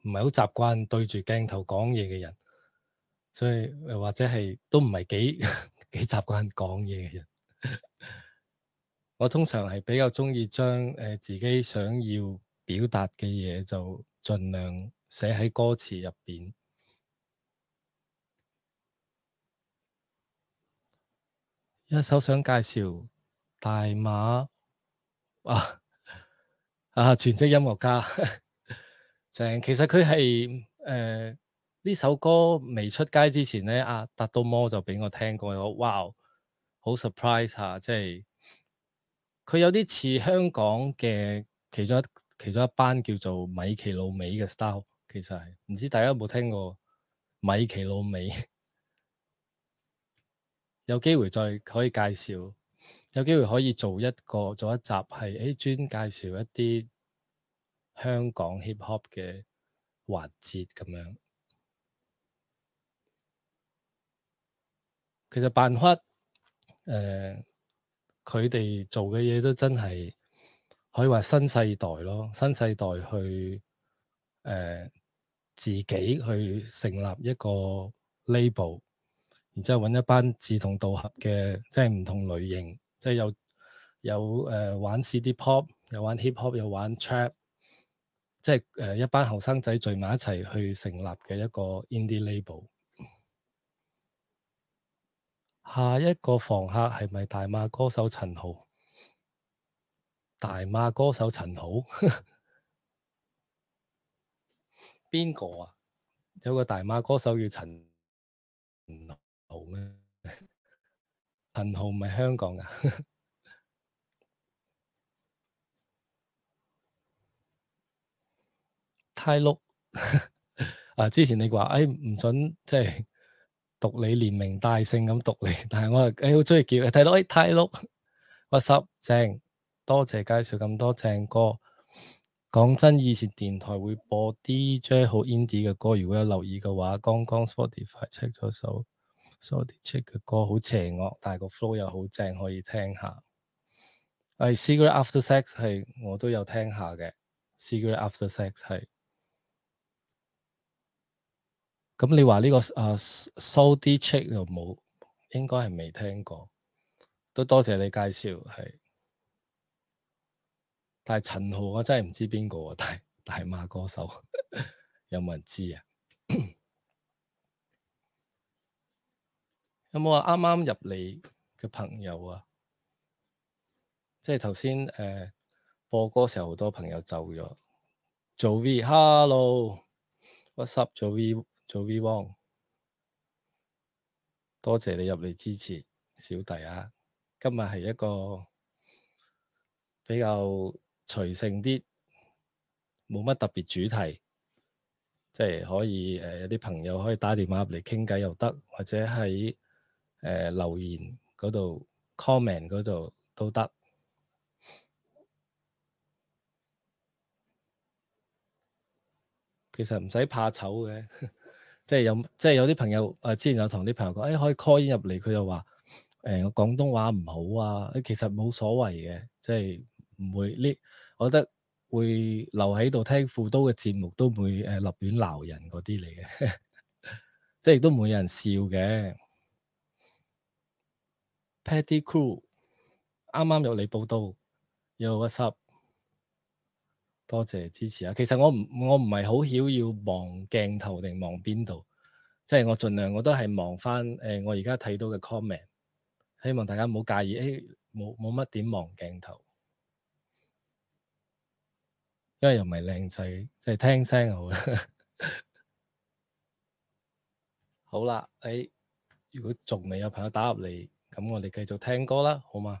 Speaker 1: 唔係好習慣對住鏡頭講嘢嘅人，所以或者係都唔係幾 (laughs) 幾習慣講嘢嘅人， (laughs) 我通常係比較鍾意將誒自己想要。表達嘅嘢就盡量寫喺歌詞入邊。一首想介紹大馬啊啊，全職音樂家呵呵正。其實佢係誒呢首歌未出街之前呢阿達都摩就畀我聽過，我哇好 surprise 啊！即係佢有啲似香港嘅其中一。其中一班叫做米奇老味嘅 style，其實係唔知大家有冇聽過米奇老味？ (laughs) 有機會再可以介紹，有機會可以做一個做一集係誒專介紹一啲香港 hip hop 嘅環節咁樣。其實扮屈誒，佢哋做嘅嘢都真係～可以話新世代咯，新世代去誒、呃、自己去成立一個 label，然之後揾一班志同道合嘅，即係唔同類型，即係有有誒、呃、玩 city pop，有玩 hip hop，有玩 trap，即係誒、呃、一班後生仔聚埋一齊去成立嘅一個 indie label。下一個房客係咪大馬歌手陳豪？大馬歌手陳豪，邊 (laughs) 個啊？有個大馬歌手叫陳豪咩？陳 (laughs) 豪唔係香港噶， (laughs) 泰祿陸 (laughs) 啊！之前你話，哎，唔准即係讀你連名大姓咁讀你，但係我啊，哎，好鍾意叫，泰祿哎，泰祿屈濕正。多謝介紹咁多正歌，講真以前電台會播 DJ 好 Indie 嘅歌，如果有留意嘅話，剛剛 Spotify 出咗首 Soddy Check 嘅歌，好邪惡，但係個 flow 又好正，可以聽下。係、哎、Secret After Sex 係我都有聽下嘅，Secret After Sex 係。咁你話呢、這個誒、uh, Soddy Check 又冇，應該係未聽過，都多謝你介紹係。但係陳豪，我真係唔知邊個喎，大大馬歌手 (laughs) 有冇人知啊？ (coughs) 有冇啊？啱啱入嚟嘅朋友啊，即係頭先誒播歌時候，好多朋友走咗，做 V，Hello，What's Up 做 V，做 V One。多謝你入嚟支持，小弟啊，今日係一個比較。隨性啲，冇乜特別主題，即係可以誒、呃，有啲朋友可以打電話入嚟傾偈又得，或者喺誒、呃、留言嗰度 comment 嗰度都得。其實唔使怕醜嘅，即係有即係有啲朋友誒、啊，之前有同啲朋友講，誒、哎、可以 call 入嚟，佢又話誒我廣東話唔好啊，其實冇所謂嘅，即係。唔會呢，我覺得會留喺度聽副都嘅節目，都唔會誒立、呃、亂鬧人嗰啲嚟嘅，即係都唔會有人笑嘅。Patty Crew，啱啱有你報道，有個 sub？多謝支持啊！其實我唔我唔係好曉要望鏡頭定望邊度，即係我盡量我都係望翻誒我而家睇到嘅 comment，希望大家唔好介意，誒冇冇乜點望鏡頭。因為又唔係靚仔，就係、是、聽聲好啦 (laughs) 好啦，誒、哎，如果仲未有朋友打入嚟，咁我哋繼續聽歌啦，好嗎？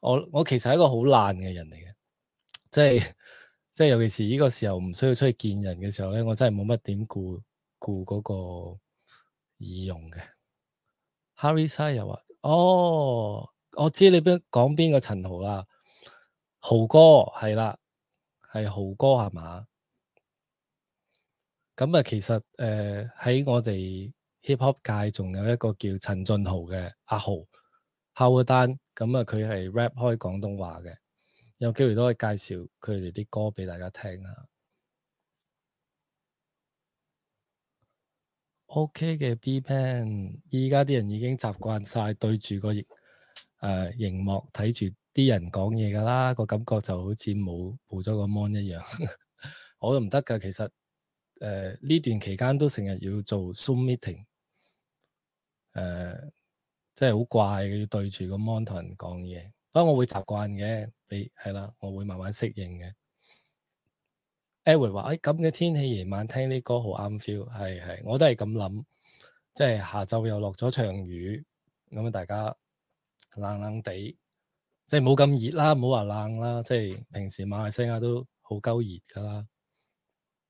Speaker 1: 我我其實係一個好爛嘅人嚟嘅，即係即係尤其是呢個時候唔需要出去見人嘅時候咧，我真係冇乜點顧顧嗰個耳用嘅。Harry Sir 又話，哦，我知你邊講邊個陳豪啦，豪哥係啦，係豪哥係嘛？咁啊，其實誒喺、呃、我哋 hip hop 界仲有一個叫陳俊豪嘅阿豪。後一單咁啊，佢、嗯、係 rap 開廣東話嘅，有機會都可以介紹佢哋啲歌畀大家聽下。OK 嘅 B pan，而家啲人已經習慣晒對住個誒熒、呃、幕睇住啲人講嘢噶啦，個感覺就好似冇冇咗個 mon 一樣。 (laughs) 我都唔得噶，其實誒呢、呃、段期間都成日要做 zoom meeting，誒、呃。真係好怪嘅，要對住個 monitor 同人講嘢。不過我會習慣嘅，你係啦，我會慢慢適應嘅。Eric 話，哎，咁嘅天氣夜晚聽啲歌好啱 feel，係係，我都係咁諗。即係下晝又落咗場雨，咁啊大家冷冷地，即係冇咁熱啦，冇話冷啦。即係平時馬來西亞都好鳩熱㗎啦。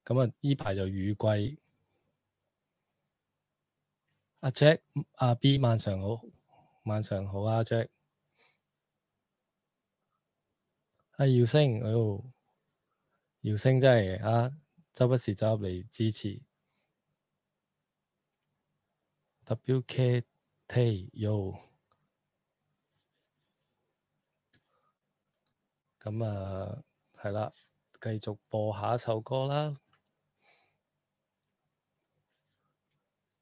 Speaker 1: 咁啊，呢排就雨季。阿 Jack、阿 B 晚上好。晚上好啊，Jack。阿、啊、耀星、哦，耀星真係啊，周不時走入嚟支持。W K T U。咁、嗯、啊，係啦，繼續播下一首歌啦。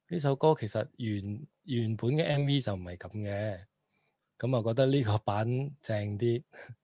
Speaker 1: 呢首歌其實原。原本嘅 MV 就唔係咁嘅，咁啊覺得呢個版正啲。 (laughs)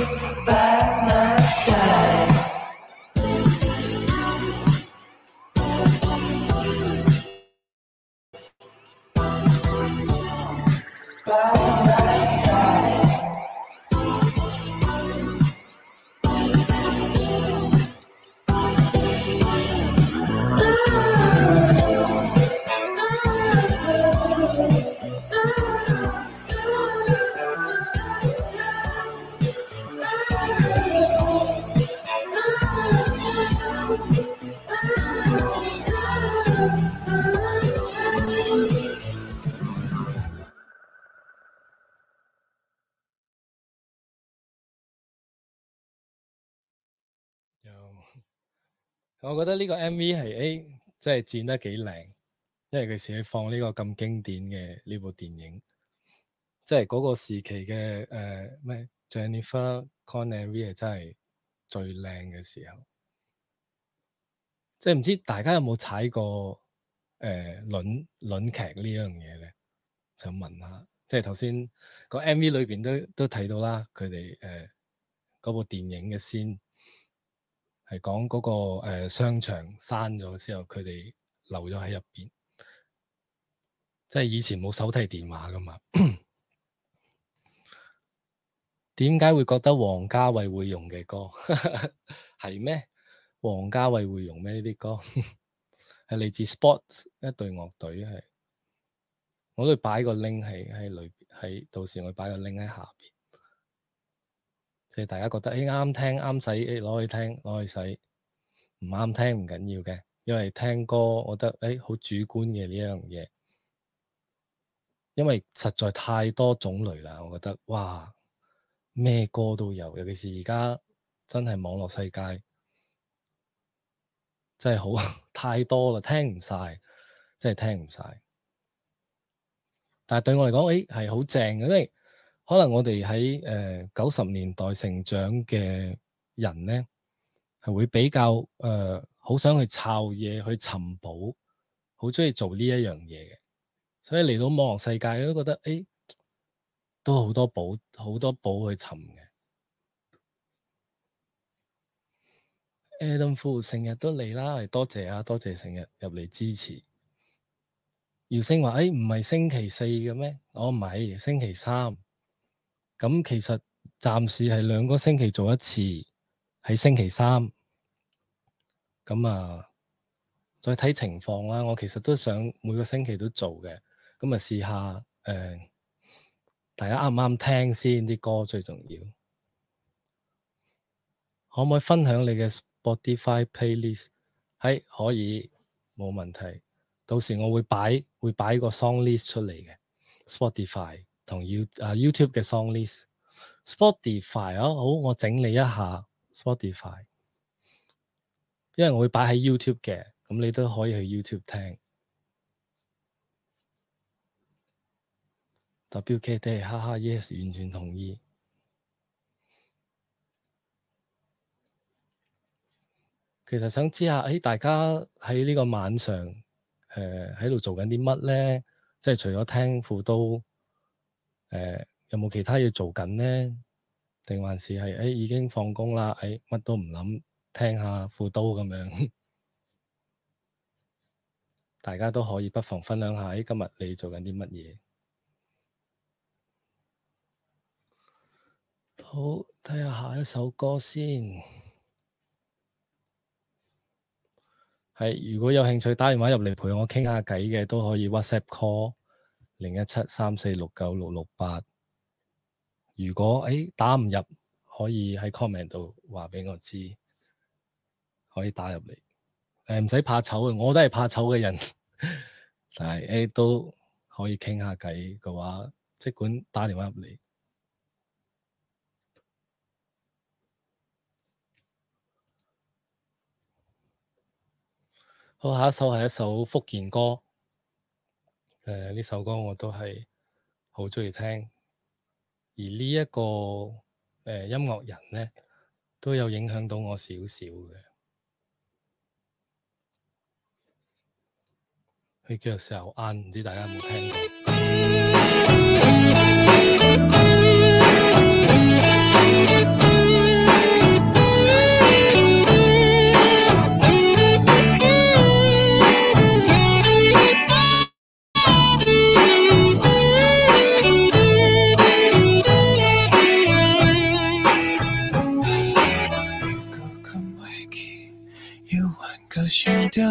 Speaker 1: 我覺得呢個 M V 係誒，即係剪得幾靚，因為佢寫放呢個咁經典嘅呢部電影，即係嗰個時期嘅誒咩 Jennifer Connelly 係真係最靚嘅時候。即係唔知大家有冇踩過誒倫倫劇這呢樣嘢咧？想問下，即係頭先個 M V 裏面都都睇到啦，佢哋誒嗰部電影嘅先。係講嗰個誒、呃、商場閂咗之後，佢哋留咗喺入邊，即係以前冇手提電話噶嘛？點解 (coughs) 會覺得王家衛會用嘅歌係咩？ (laughs) 王家衛會用咩呢啲歌？係 (laughs) 嚟自 Sports 一隊樂隊，係我都會擺個 link 喺喺裏邊喺，到時我會擺個 link 喺下邊。所以大家覺得誒啱、欸、聽啱使，誒攞、欸、去聽攞去使，唔啱聽唔緊要嘅，因為聽歌我覺得誒好、欸、主觀嘅呢樣嘢，因為實在太多種類啦，我覺得哇咩歌都有，尤其是而家真係網絡世界真係好太多啦，聽唔晒，真係聽唔晒。但係對我嚟講，誒係好正嘅，因為，欸可能我哋喺誒九十年代成長嘅人咧，係會比較誒好、呃、想去抄嘢去尋寶，好鍾意做呢一樣嘢嘅。所以嚟到網絡世界都覺得，誒、哎、都好多寶，好多寶去尋嘅。Adam full，成日都嚟啦，多謝啊，多謝成日入嚟支持。姚星話：誒唔係星期四嘅咩？我唔係，星期三。咁其實暫時係兩個星期做一次，喺星期三。咁啊，再睇情況啦。我其實都想每個星期都做嘅。咁啊，試下誒、呃，大家啱唔啱聽先？啲歌最重要。可唔可以分享你嘅 Spotify playlist？喺、哎、可以，冇問題。到時我會擺會擺個 song list 出嚟嘅 Spotify。同 YouTube 嘅 Song List Spotify 哦，好，我整理一下 Spotify，因為我會擺喺 YouTube 嘅，咁你都可以去 YouTube 聽。W K D 哈哈，yes，完全同意。其實想知下喺大家喺呢個晚上誒喺度做緊啲乜咧？即係除咗聽副都。誒、呃，有冇其他嘢做緊呢？定還是係誒、哎，已經放工啦？誒、哎，乜都唔諗，聽下副都咁樣， (laughs) 大家都可以不妨分享下，喺、哎，今日你做緊啲乜嘢？好，睇下下一首歌先。係、 (laughs) 哎，如果有興趣打電話入嚟陪我傾下偈嘅，都可以 WhatsApp call。零一七三四六九六六八，如果誒、欸、打唔入，可以喺 comment 度話畀我知，可以打入嚟。誒唔使怕醜嘅，我都係怕醜嘅人， (laughs) 但係誒、欸、都可以傾下偈嘅話，即管打電話入嚟。好，下一首係一首福建歌。誒，呢、呃、首歌我都係好鍾意聽，而、這個呃、呢一個誒音樂人咧都有影響到我少少嘅，佢叫做謝安，唔知大家有冇聽過？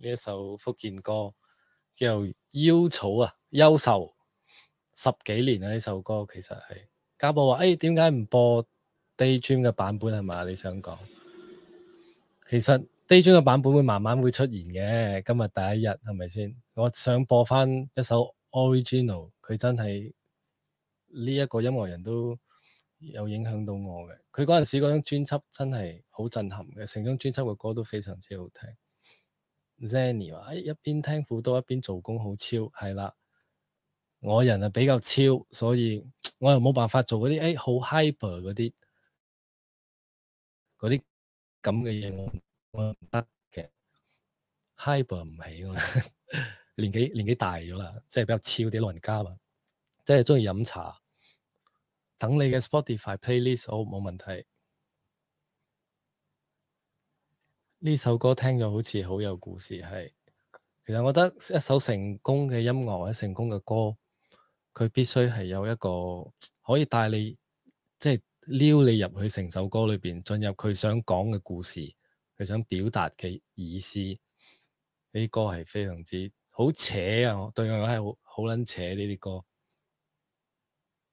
Speaker 1: 呢一首福建歌叫做《妖草》啊，優秀十幾年啊！呢首歌其實係家寶話：，誒，點解唔播 Daydream 嘅版本係嘛？你想講？其實 Daydream 嘅版本會慢慢會出現嘅。今日第一日係咪先？我想播返一首 Original，佢真係呢一個音樂人都有影響到我嘅。佢嗰陣時嗰張專輯真係好震撼嘅，成張專輯嘅歌都非常之好聽。Zany 話：，誒，一邊聽苦多，一邊做工好超，係啦。我人啊比較超，所以我又冇辦法做嗰啲，誒、欸，好 hyper 嗰啲，嗰啲咁嘅嘢，我我唔得嘅。hyper 唔起，我 (laughs) 年紀年紀大咗啦，即係比較超啲老人家嘛，即係中意飲茶。等你嘅 Spotify playlist 好、哦、冇問題。呢首歌聽咗好似好有故事，係。其實我覺得一首成功嘅音樂或者成功嘅歌，佢必須係有一個可以帶你，即係撩你入去成首歌裏邊，進入佢想講嘅故事，佢想表達嘅意思。呢啲歌係非常之好扯啊！我對我嚟講係好好撚扯呢啲歌。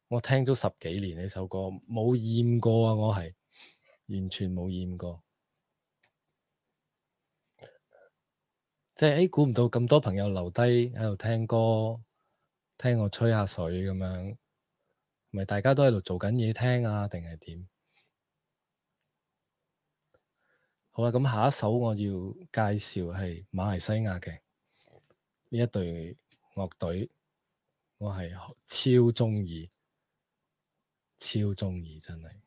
Speaker 1: 我聽咗十幾年呢首歌，冇厭過啊！我係完全冇厭過。即係誒，估唔到咁多朋友留低喺度聽歌，聽我吹下水咁樣，係咪大家都喺度做緊嘢聽啊，定係點？好啦，咁下一首我要介紹係馬來西亞嘅呢一隊樂隊，我係超鍾意，超鍾意，真係。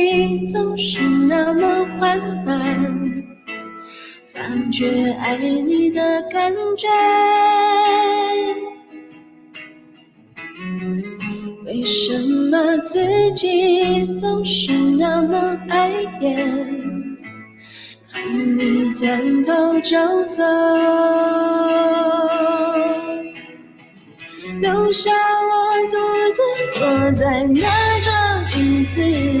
Speaker 6: 慢慢發覺愛你的感覺。為什麼自己總是那麼礙眼，讓你轉頭就走，留下我獨自坐在那張椅子。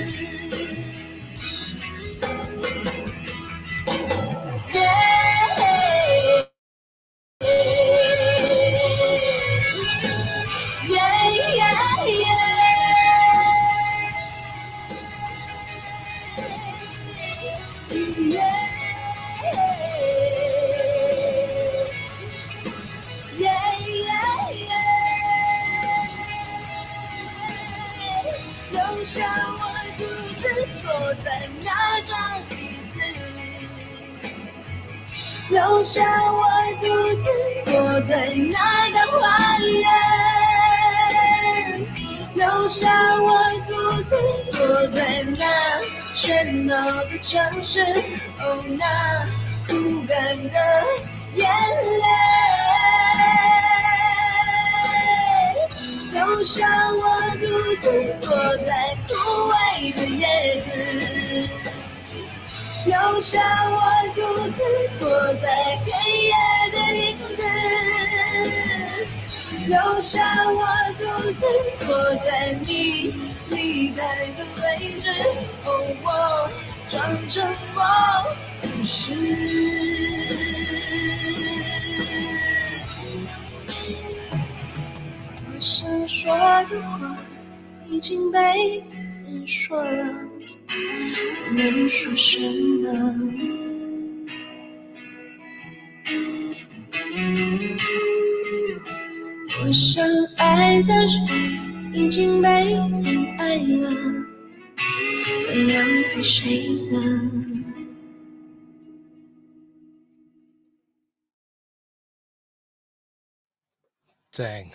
Speaker 1: 正 (laughs)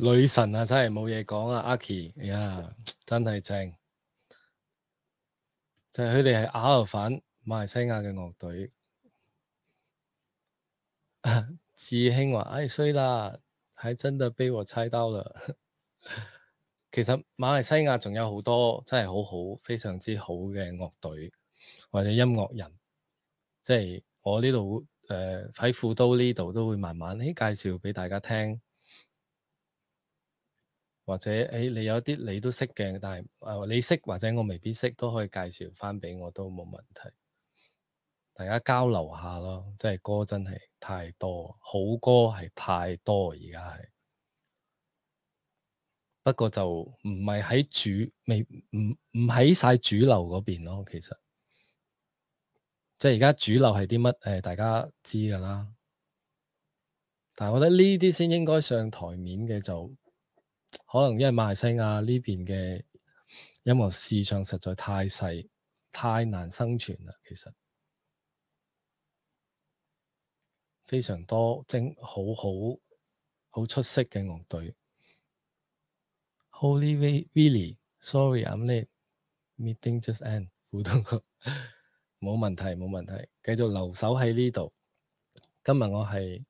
Speaker 1: 女神啊，真係冇嘢講啊！Aki 呀，真係正，就係佢哋係阿爾反馬來西亞嘅樂隊。志興話：哎，衰啦！係、哎、真的，畀我猜到啦。 (laughs) 其實馬來西亞仲有好多真係好好，非常之好嘅樂隊或者音樂人，即係我呢度誒喺富都呢度都會慢慢介紹畀大家聽，或者誒、哎、你有啲你都識嘅，但係你識或者我未必識，都可以介紹翻畀我都冇問題。大家交流下咯，即係歌真係太多，好歌係太多，而家係，不過就唔係喺主未，唔唔喺晒主流嗰邊咯。其實，即係而家主流係啲乜？誒、呃，大家知噶啦。但係我覺得呢啲先應該上台面嘅，就可能因為馬來西亞呢邊嘅音樂市場實在太細，太難生存啦，其實。非常多精好好好出色嘅樂隊。Holy Willie，sorry，I'm really late。Meeting just end，普通歌冇 (laughs) 問題冇問題，繼續留守喺呢度。今日我係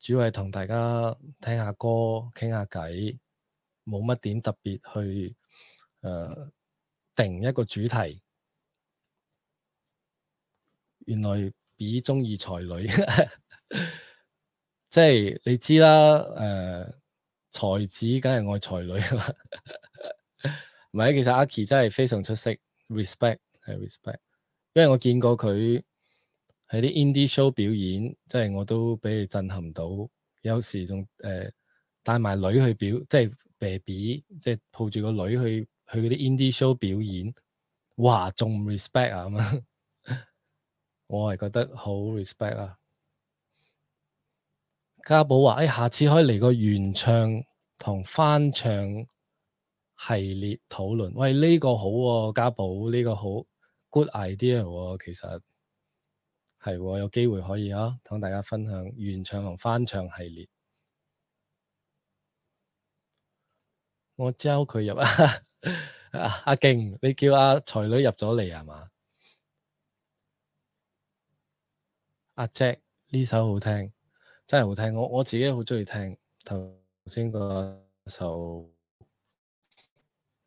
Speaker 1: 主要係同大家聽下歌傾下偈，冇乜點特別去誒定、呃、一個主題。原來。比中意才女、 (laughs) 就是，即係你知啦。誒、呃，才子梗係愛才女啊！唔係，其實阿奇真係非常出色，respect 係 respect。因為我見過佢喺啲 indie show 表演，即、就、係、是、我都俾佢震撼到。有時仲誒、呃、帶埋女去表，即、就、係、是、baby，即係抱住個女去去嗰啲 indie show 表演，哇！仲 respect 啊咁啊～ (laughs) 我係覺得好 respect 啊！家寶話：，誒、哎，下次可以嚟個原唱同翻唱系列討論。喂，呢、呢個啊呢個好喎，家寶呢個好 good idea 喎、啊、其實係、啊、有機會可以啊，同大家分享原唱同翻唱系列。我招佢入 (laughs) 啊，阿、啊、勁，你叫阿、啊、才女入咗嚟啊嘛？阿 Jack 呢首好聽，真係好聽，我我自己好中意聽。頭先個首，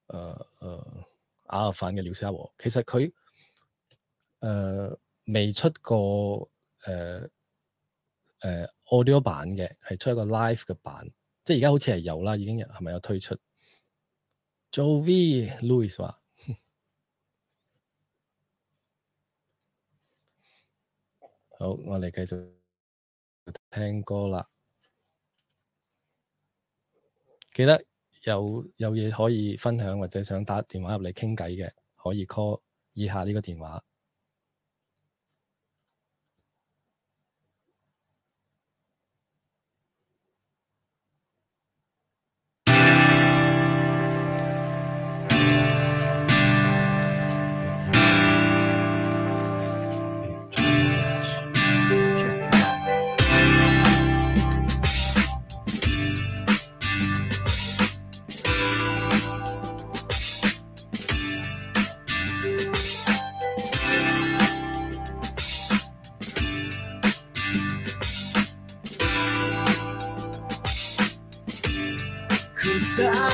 Speaker 1: 誒誒阿凡嘅《流沙河》阿阿，其實佢誒未出過誒誒、呃呃、audio 版嘅，係出一個 live 嘅版，即係而家好似係有啦，已經係咪有推出？Joey Louis 話。好，我哋繼續聽歌啦。記得有有嘢可以分享，或者想打電話入嚟傾偈嘅，可以 call 以下呢個電話。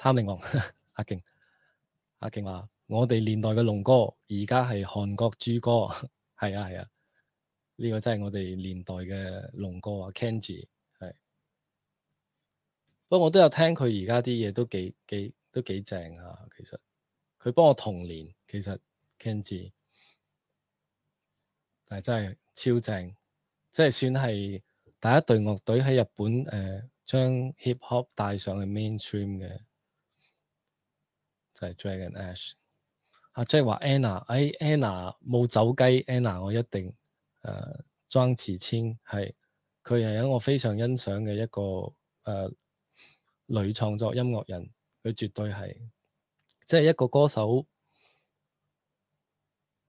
Speaker 1: 貪靈王阿勁阿勁話：我哋年代嘅龍哥而家係韓國豬哥，係啊係啊，呢、啊呢個真係我哋年代嘅龍哥 ji, 啊 Kenji 係。不過我都有聽佢而家啲嘢，都幾幾都幾正啊。其實佢幫我童年，其實 Kenji，但係真係超正，即係算係第一隊樂隊喺日本誒、呃、將 hip hop 帶上去 mainstream 嘅。係 Dragon Ash 啊，即係話 Anna，哎 Anna 冇走雞，Anna 我一定誒裝磁簽，係佢係一個我非常欣賞嘅一個誒、呃、女創作音樂人，佢絕對係即係一個歌手，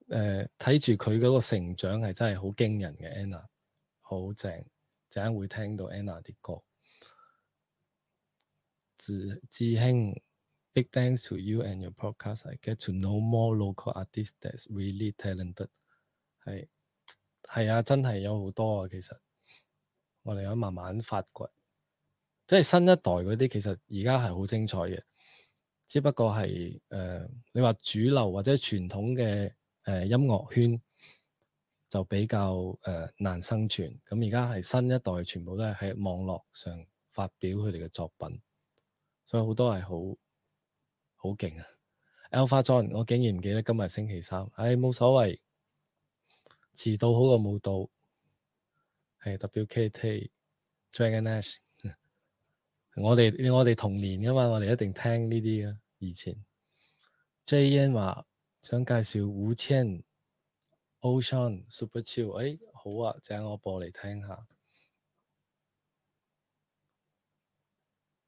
Speaker 1: 誒睇住佢嗰個成長係真係好驚人嘅 Anna，好正，陣間會聽到 Anna 啲歌，志志兄。Big thanks to you and your podcast. I get to know more local artists that's really talented. 係係啊，真係有好多啊。其實我哋可慢慢發掘，即係新一代嗰啲，其實而家係好精彩嘅。只不過係誒、呃，你話主流或者傳統嘅誒、呃、音樂圈就比較誒、呃、難生存。咁而家係新一代全部都係喺網絡上發表佢哋嘅作品，所以好多係好。好勁啊！Alpha John，我竟然唔記得今日星期三。唉、哎，冇所謂，遲到好過冇到。係、哎、WKT Dragon Ash， (laughs) 我哋我哋童年噶嘛，我哋一定聽呢啲啊。以前 J n 話想介紹五千 Ocean Super Chill。誒、哎、好啊，正我播嚟聽下。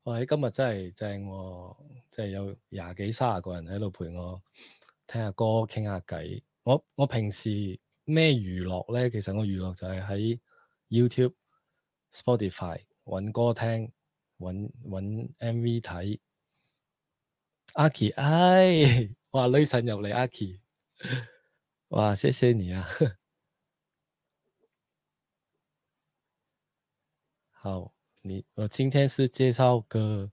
Speaker 1: 哇！喺今日真係正喎，即係有廿幾卅個人喺度陪我聽下歌、傾下偈。我我平時咩娛樂咧？其實我娛樂就係喺 YouTube、Spotify 揾歌聽、揾揾 MV 睇。阿奇，唉，哇！女神入嚟，阿奇。哇！謝謝你啊。 (laughs) 好。你我今天是介紹歌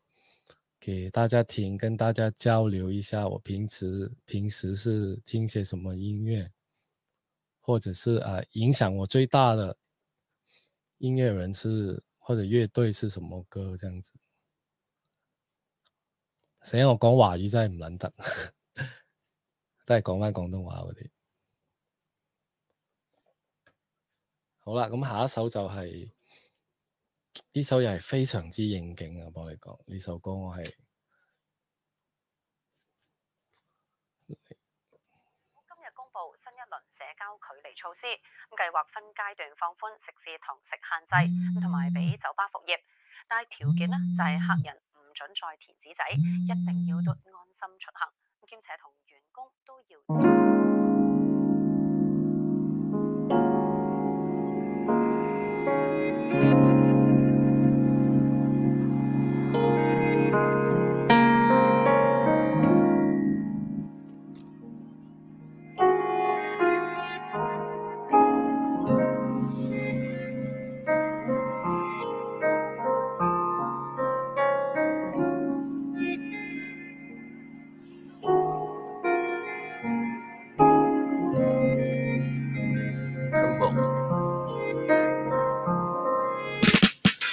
Speaker 1: 給大家聽，跟大家交流一下，我平時平時是聽些什麼音樂，或者是啊、呃、影響我最大的音樂人是或者樂隊是什麼歌，這樣子。成日我講華語在係唔難，等，都 (laughs) 係講翻廣東話我得。好啦，咁下一首就係。呢首又係非常之應景啊！我幫你講呢首歌我，我係
Speaker 5: 今日公布新一輪社交距離措施，咁計劃分階段放寬食肆堂食限制，咁同埋俾酒吧復業，但係條件呢，就係、是、客人唔准再填紙仔，一定要都安心出行，兼且同員工都要。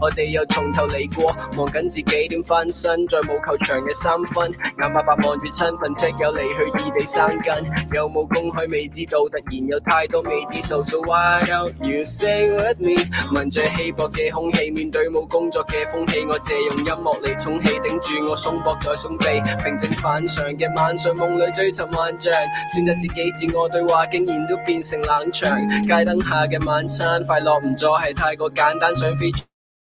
Speaker 4: 我哋又從頭嚟過，望緊自己點翻身，再冇球場嘅三分，眼白白望住親朋戚友離去異地生根，有冇公開未知道，突然有太多未知數，so why don't you say with me？聞著稀薄嘅空氣，面對冇工作嘅風氣，我借用音樂嚟充氣，頂住我鬆膊再鬆臂，平靜反常嘅晚上，夢裏追尋幻象，選擇自己自我對話，竟然都變成冷場。街燈下嘅晚餐，快樂唔再係太過簡單，想飛。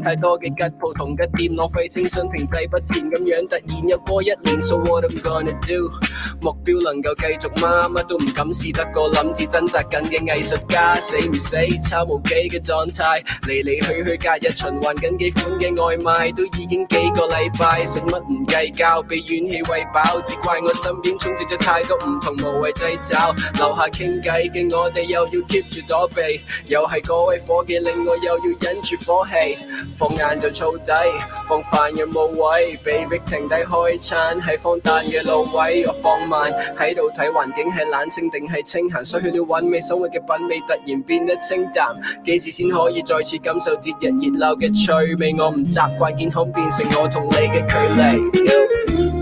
Speaker 4: 太多嘅吉鋪同吉店，浪費青春，停滯不前咁樣。突然又過一年，So what I'm gonna do？目標能夠繼續嗎？乜都唔敢試，得個諗字，掙扎緊嘅藝術家，死唔死？差無幾嘅狀態，嚟嚟去去隔日循環緊幾款嘅外賣，都已經幾個禮拜，食乜唔計較，被怨氣餵飽，只怪我身邊充斥咗太多唔同無謂掣肘。樓下傾偈嘅我哋又要 keep 住躲避，又係嗰位伙計，令我又要忍住火氣。放眼就燥底，放飯又冇位，被逼停低開餐喺放旦嘅路位，我放慢喺度睇環境係冷清定係清閒，失去了韻味，生活嘅品味突然變得清淡，幾時先可以再次感受節日熱鬧嘅趣味？我唔習慣健康變成我同你嘅距離。
Speaker 2: (music)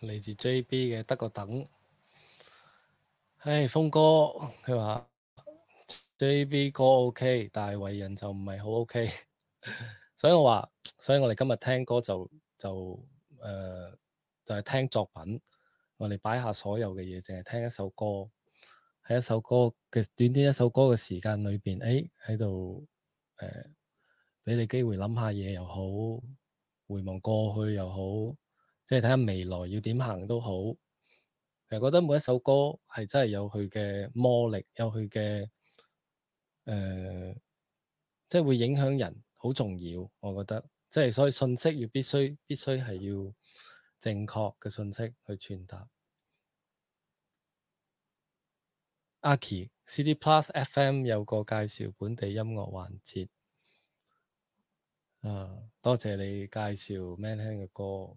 Speaker 1: 嚟自 JB 嘅得個等，唉，峰哥佢話 JB 歌 OK，但係為人就唔係好 OK， (laughs) 所以我話，所以我哋今日聽歌就就誒，就係、呃就係、聽作品，我哋擺下所有嘅嘢，淨係聽一首歌，喺一首歌嘅短短一首歌嘅時間裏面，誒喺度誒，俾、呃、你機會諗下嘢又好，回望過去又好。即係睇下未來要點行都好，其實覺得每一首歌係真係有佢嘅魔力，有佢嘅誒，即係會影響人，好重要。我覺得即係所以信息要必須必須係要正確嘅信息去傳達。阿 Key，CD Plus FM 有個介紹本地音樂環節，啊，多謝你介紹咩聽嘅歌。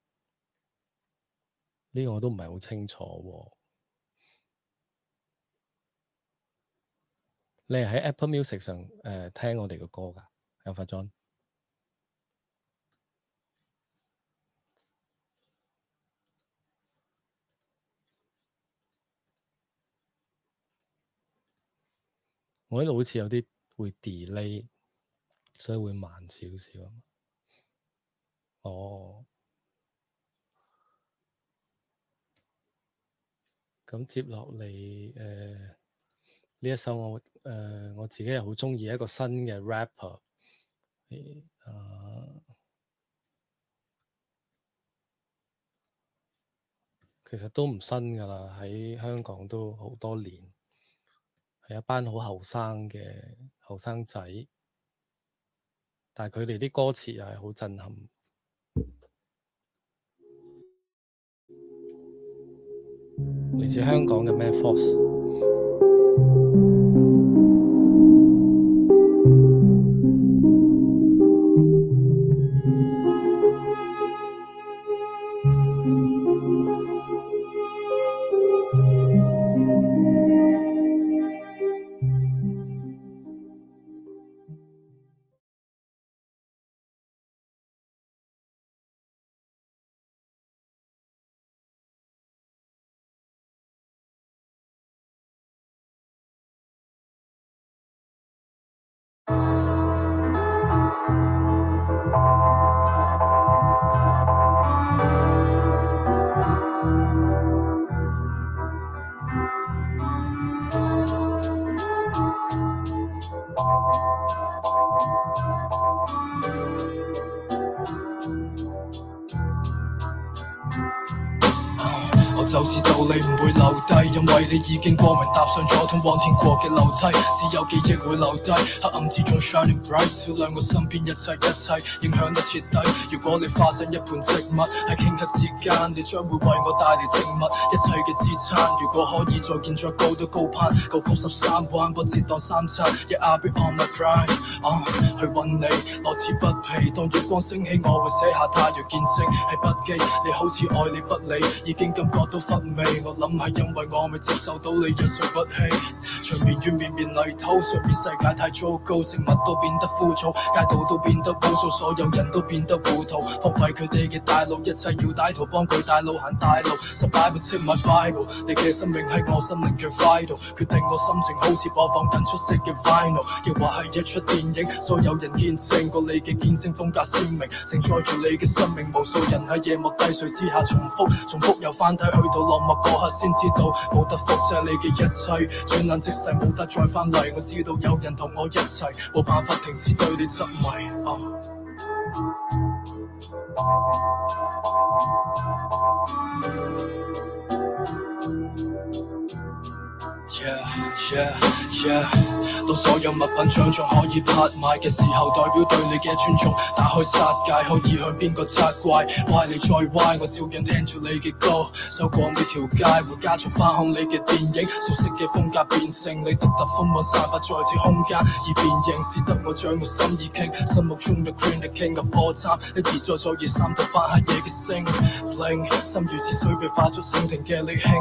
Speaker 1: 呢個我都唔係好清楚喎，哦。你係喺 Apple Music 上，誒、呃、聽我哋嘅歌㗎，有發裝。 (noise) 我呢度好似有啲會 delay，所以會慢少少哦。咁接落嚟，呢、呃、一首我、呃、我自己好鍾意一個新嘅 rapper，嗯啊、其實都唔新㗎啦，喺香港都好多年，係一班好後生嘅後生仔，但係佢哋啲歌詞係好震撼。嚟自香港嘅咩 force？
Speaker 2: 你已經光明踏上咗通往天國嘅樓
Speaker 5: 梯，只有記憶會留低。黑暗之中 shining bright，照亮我身邊一切一切，影響得徹底。如果你化身一盆植物，喺頃刻之間，你將會為我帶嚟植物。一切嘅支撐，如果可以再建再高多高攀，高高十三彎，不切當三餐。Yeah, I'll be on my grind、uh, 去揾你，樂此不疲。當月光升起，我會寫下太陽見證喺不羈。你好似愛理不理，已經感覺到乏味。我諗係因為我未知。受到你一世不棄。隨便雨綿綿泥土，上面世界太糟糕，植物都變得枯燥，街道都變得污糟，所有人都變得暴躁，荒廢佢哋嘅大腦，一切要歹徒幫佢大佬行大路。Survive a take my bible，你嘅生命喺我生命最 vital，決定我心情好似播放緊出色嘅 vinyl，亦或係一出電影，所有人見證過你嘅見證風格鮮明，承載住你嘅生命，無數人喺夜幕低垂之下重複，重複又翻睇。去到落寞嗰刻先知道，冇得複製你嘅一切。即使冇得再返嚟，我知道有人同我一齊，冇辦法停止對你執迷。Yeah, yeah, yeah. 到所有物品搶仲可以拍賣嘅時候，代表對你嘅尊重。打開殺戒可以向邊個詐怪？歪你再歪，我照樣聽住你嘅歌。走過每條街，回家速翻看你嘅電影，熟悉嘅風格變成你獨特風味散發在這空間而變形，使得我將我心意傾。心目中嘅 queen the king of all time 一而再再而三突破黑夜嘅聲 ling，心如止水被化出聲停嘅你輕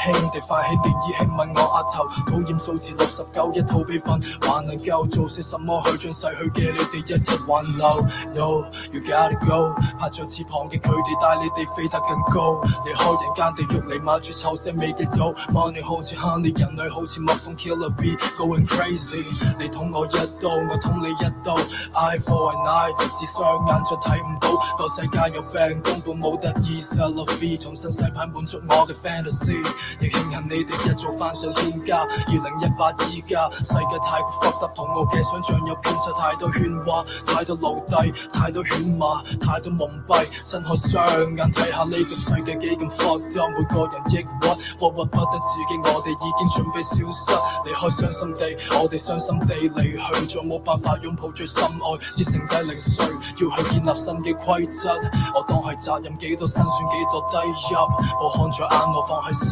Speaker 5: 輕地發起漣漪輕吻我額頭，討厭數字六十九，一還能夠做些什麼去將逝去嘅你哋一日挽留？No，you gotta go，拍着翅膀嘅佢哋帶你哋飛得更高。離開人間地獄你滿住臭腥味嘅狗。Money 好似 honey 人類好似蜜蜂 killer bee going crazy。你捅我一刀，我捅你一刀。I for night，直接雙眼再睇唔到。個世界有病根本冇得醫，Sell o fee，重新洗牌滿足我嘅 fantasy。亦慶幸你哋一早翻上天家，二零一八依家。嘅太過 fuck up 同我嘅想像有偏差太多喧譁，太多奴隸，太多犬馬，太多蒙蔽。睜開雙眼睇下呢個世界幾咁 fuck up 每個人抑鬱，郁郁不得自己。我哋已經準備消失，離開傷心地，我哋傷心地離去，再冇辦法擁抱最深愛，只剩低零碎，要去建立新嘅規則。我當係責任幾多辛酸，幾多低泣。我看着眼，我放喺心，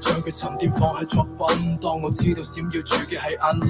Speaker 5: 將佢沉澱放喺作品。當我知道閃耀住嘅係眼。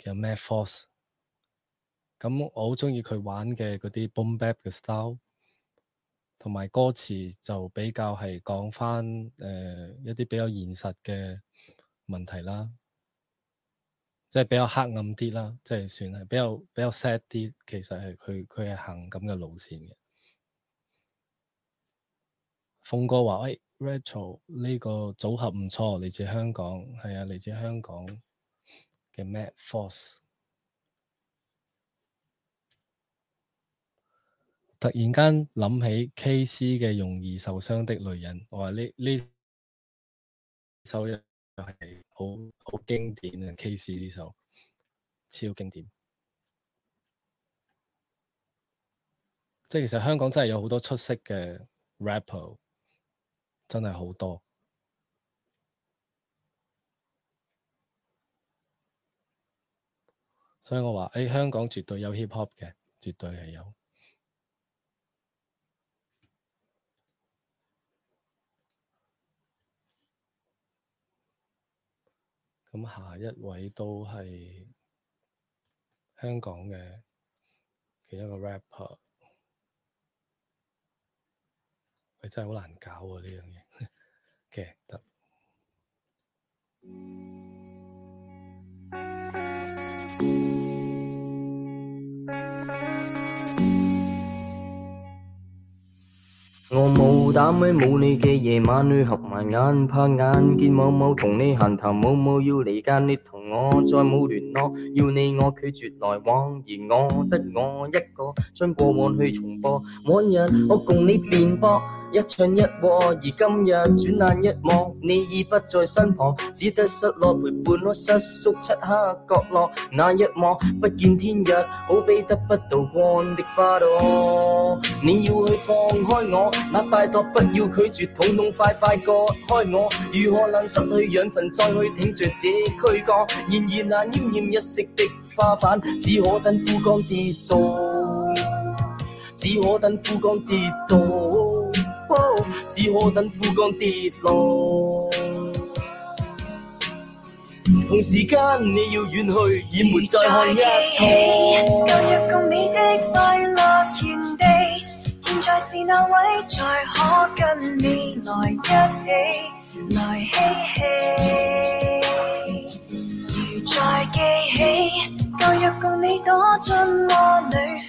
Speaker 1: 叫咩 force？咁我好中意佢玩嘅嗰啲 boom bap 嘅 style，同埋歌詞就比較係講翻誒、呃、一啲比較現實嘅問題啦，即係比較黑暗啲啦，即係算係比較比較 sad 啲。其實係佢佢係行咁嘅路線嘅。鳳哥話，誒，Rachel 呢個組合唔錯，嚟自香港，係啊，嚟自香港。Oss, 突然間諗起 K.C. 嘅《容易受傷的女人》，我，我話呢呢首又係好好經典啊！K.C. 呢首超經典，即係其實香港真係有好多出色嘅 rapper，真係好多。所以我話，誒、哎、香港絕對有 hip hop 嘅，絕對係有。咁下一位都係香港嘅其中一個 rapper，係、哎、真係好難搞啊！呢樣嘢嘅。 (laughs) okay, 行嗯
Speaker 8: 我冇膽喺冇你嘅夜晚去合埋眼，怕眼見某某同你閒談，某某要離間你同我再冇聯絡，要你我拒絕來往，而我得我一個將過往去重播，往日我共你辯駁。一唱一和，而今日轉眼一望，你已不在身旁，只得失落陪伴我瑟縮漆黑角落。那一望，不見天日，好比得不到光的花朵。你要去放開我，那拜託不要拒絕，痛痛快快割開我，如何能失去養分再去挺着這軀殼？然而那奄奄一息的花瓣，只可等枯乾跌倒，只可等枯乾跌倒。哦、只可等曦光跌落，同時間你要遠去，已在再一起。
Speaker 6: 舊日共你的快樂原地，現在是那位再可跟你來一來起，起，在奇奇在在來嬉戲。如再記起，舊日共你躲進魔裏飛。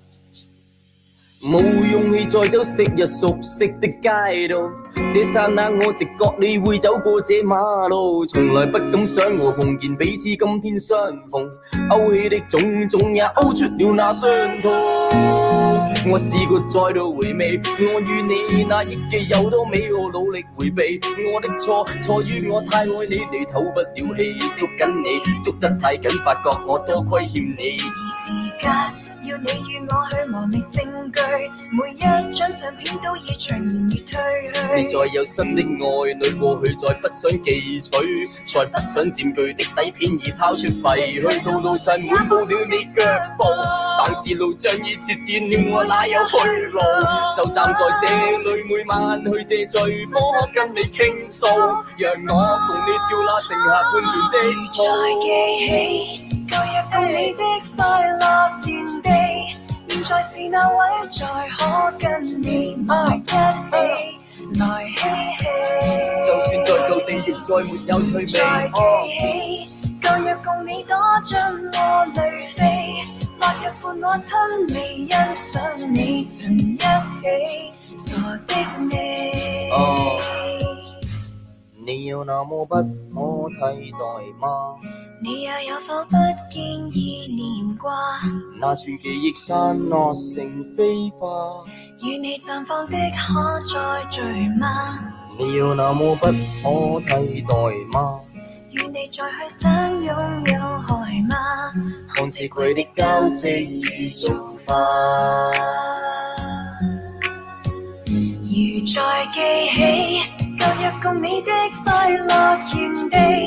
Speaker 8: 冇勇氣再走昔日熟悉的街道，這剎那我直覺你會走過這馬路。從來不敢想和紅顏彼此今天相逢，勾起的種種也勾出了那傷痛。我試過再度回味，我與你那憶記有多美，我努力迴避我的錯，錯於我太愛你，你透不了氣，捉緊你捉得太緊，發覺我多虧欠你。而
Speaker 6: 時間要你我去磨滅證據，每
Speaker 8: 一張相片都已隨年月褪去。你再有新的愛侶，過去再不想記取。才不想佔據的底片已拋出廢去，道路上，滿佈了你腳步。但是路障已設置，我哪有去路？就站在這裏，每晚去借醉方可跟你傾
Speaker 6: 訴，我讓我共你跳那剩我下半段的舞。再記起舊日共你的快樂原地。再是哪位再可跟你愛，啊、一起，來嬉戲。就
Speaker 8: 算在舊地，仍 (noise) 再沒有趣味。再記起
Speaker 6: 舊日共你打進我淚飛，白日伴我親暱，欣賞你曾一起傻的你。
Speaker 8: 啊。你要那麼不可替代嗎？你又
Speaker 6: 有否不經意念掛？
Speaker 8: 那串記憶散落成飛
Speaker 6: 花，與你綻放的可再聚嗎？
Speaker 8: 你要那麼不可替代嗎？
Speaker 6: 與你再去相擁有害嗎？紅字句的交織與造花，如再記起。舊日共你的快樂原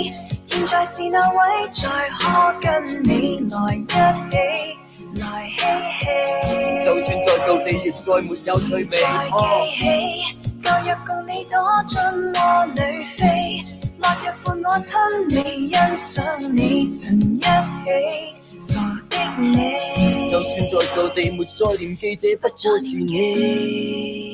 Speaker 6: 地，現在是哪位在可跟你來一起來嬉
Speaker 8: 戲？就算在舊地亦再沒有趣味。再、哦、記起，
Speaker 6: 舊日共你躲進窩裡飛，落日伴我親你，欣賞你曾一起傻的你。
Speaker 8: 就算在舊地沒再念記，這，不再是
Speaker 2: 你。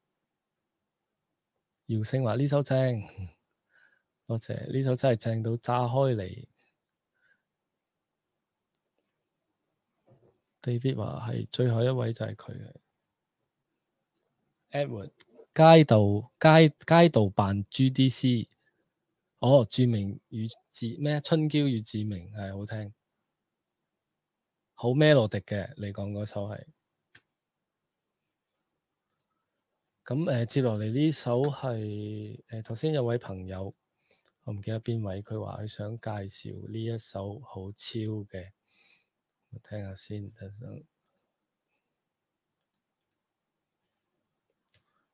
Speaker 1: 姚星話：呢首正，多謝。呢首真係正到炸開嚟。地必話係最後一位就係佢，Edward 街道街街道辦 GDC。哦，著名與志咩春嬌與志明係好聽，好咩？羅迪嘅。你講嗰首係。咁誒、嗯，接落嚟呢首係誒，呃、頭先有位朋友，我唔記得邊位，佢話佢想介紹呢一首好超嘅，我聽下先。等等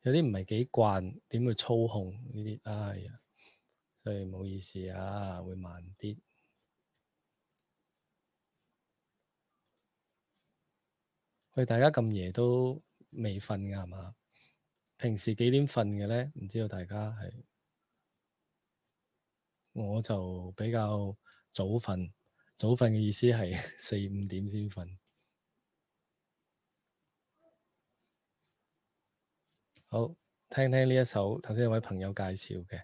Speaker 1: 有啲唔係幾慣，點去操控呢啲？哎呀，所以唔好意思啊，會慢啲。喂，大家咁夜都未瞓噶係嘛？平時幾點瞓嘅呢？唔知道大家係，我就比較早瞓，早瞓嘅意思係四五點先瞓。好，聽聽呢一首，頭先有位朋友介紹嘅。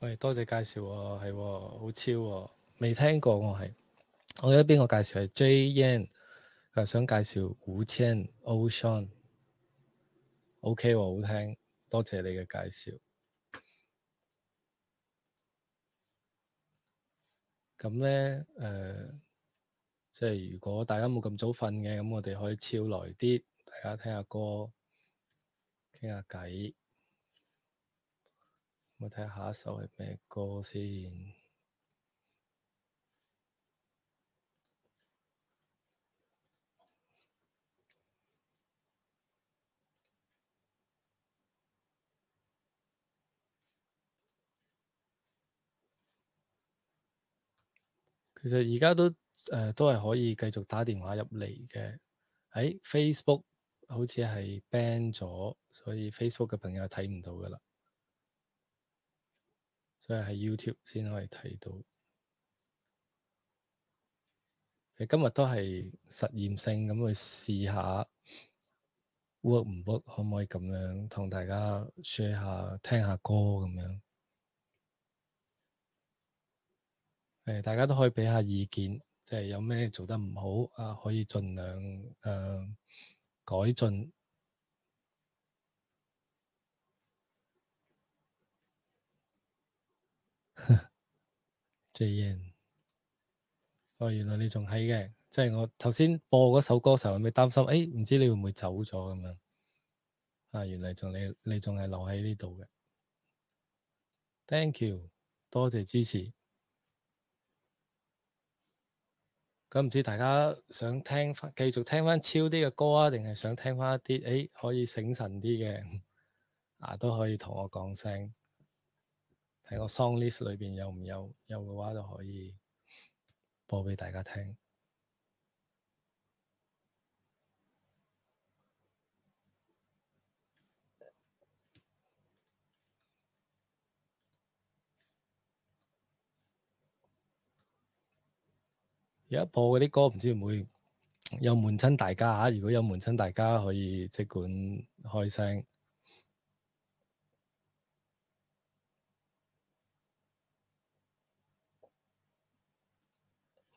Speaker 1: 喂，多謝介紹喎、啊，係、哦，好超喎、哦，未聽過我係，我一邊個介紹係 Jen，a 又想介紹古千 Ocean，OK、OK、喎、哦，好聽，多謝你嘅介紹。咁咧，誒、呃，即係如果大家冇咁早瞓嘅，咁我哋可以超耐啲，大家聽下歌，傾下偈。我睇下一首係咩歌先。其實而家都誒、呃、都係可以繼續打電話入嚟嘅。喺、哎、Facebook 好似係 ban 咗，所以 Facebook 嘅朋友睇唔到㗎喇。所以喺 YouTube 先可以睇到。今日都係實驗性咁去試下 work 唔 work 可唔可以咁樣同大家 share 下聽下歌咁樣。誒、哎，大家都可以畀下意見，即係有咩做得唔好啊，可以盡量誒、呃、改進。謝燕， (laughs) 哦，原來你仲係嘅，即係我頭先播嗰首歌時候，有冇擔心？誒、哎，唔知你會唔會走咗咁樣？啊，原來仲你，你仲係留喺呢度嘅。Thank you，多謝支持。咁、嗯、唔知大家想聽翻，繼續聽翻 chill 啲嘅歌啊，定係想聽翻一啲誒、哎、可以醒神啲嘅？ (laughs) 啊，都可以同我講聲。喺個 song list 裏邊有唔有？有嘅話就可以播畀大家聽。而家播嗰啲歌唔知會唔會有悶親大家嚇？如果有悶親大家，可以即管開聲。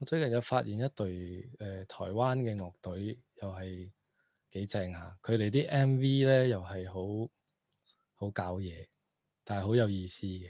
Speaker 1: 我最近有發現一隊、呃、台灣嘅樂隊又是挺，又係幾正嚇。佢哋啲 MV 呢，又係好好搞嘢，但係好有意思嘅。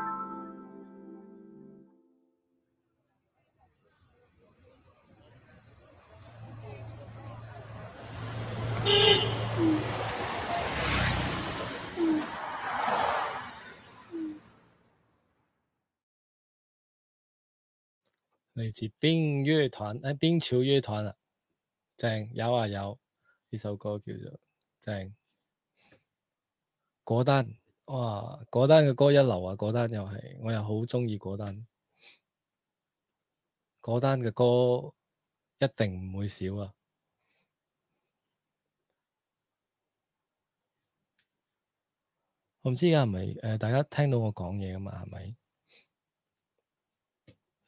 Speaker 1: 來自冰樂團誒、哎，冰球樂團啊，正有啊有，呢首歌叫做正果丹。哇，果丹嘅歌一流啊，果丹又係，我又好鍾意果丹，果丹嘅歌一定唔會少啊，我唔知而家係咪誒，大家聽到我講嘢㗎嘛，係咪？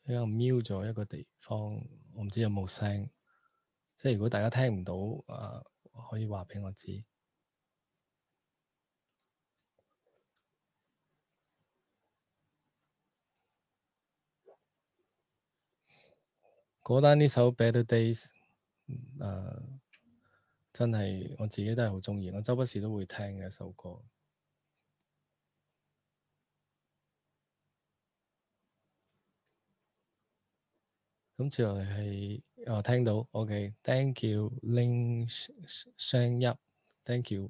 Speaker 1: 比較瞄咗一個地方，我唔知有冇聲，即係如果大家聽唔到啊、呃，可以話畀我知。嗰 (noise) 單呢首《Better Days》誒、呃，真係我自己都係好鍾意，我周不時都會聽嘅一首歌。咁接落嚟係，我聽到，OK，Thank you，link 雙入，Thank you，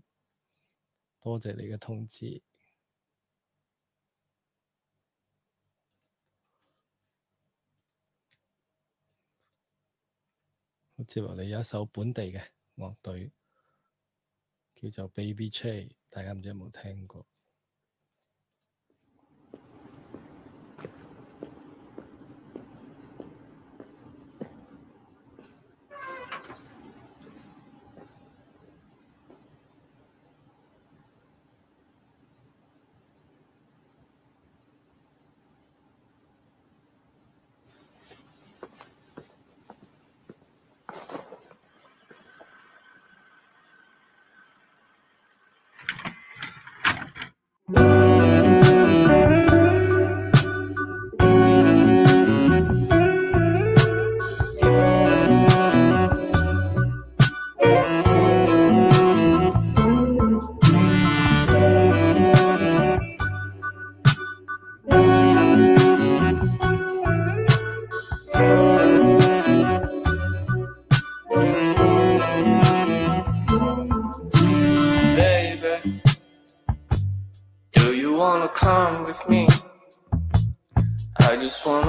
Speaker 1: 多謝你嘅通知。接落嚟有一首本地嘅樂隊，叫做 Baby Chain，大家唔知有冇聽過。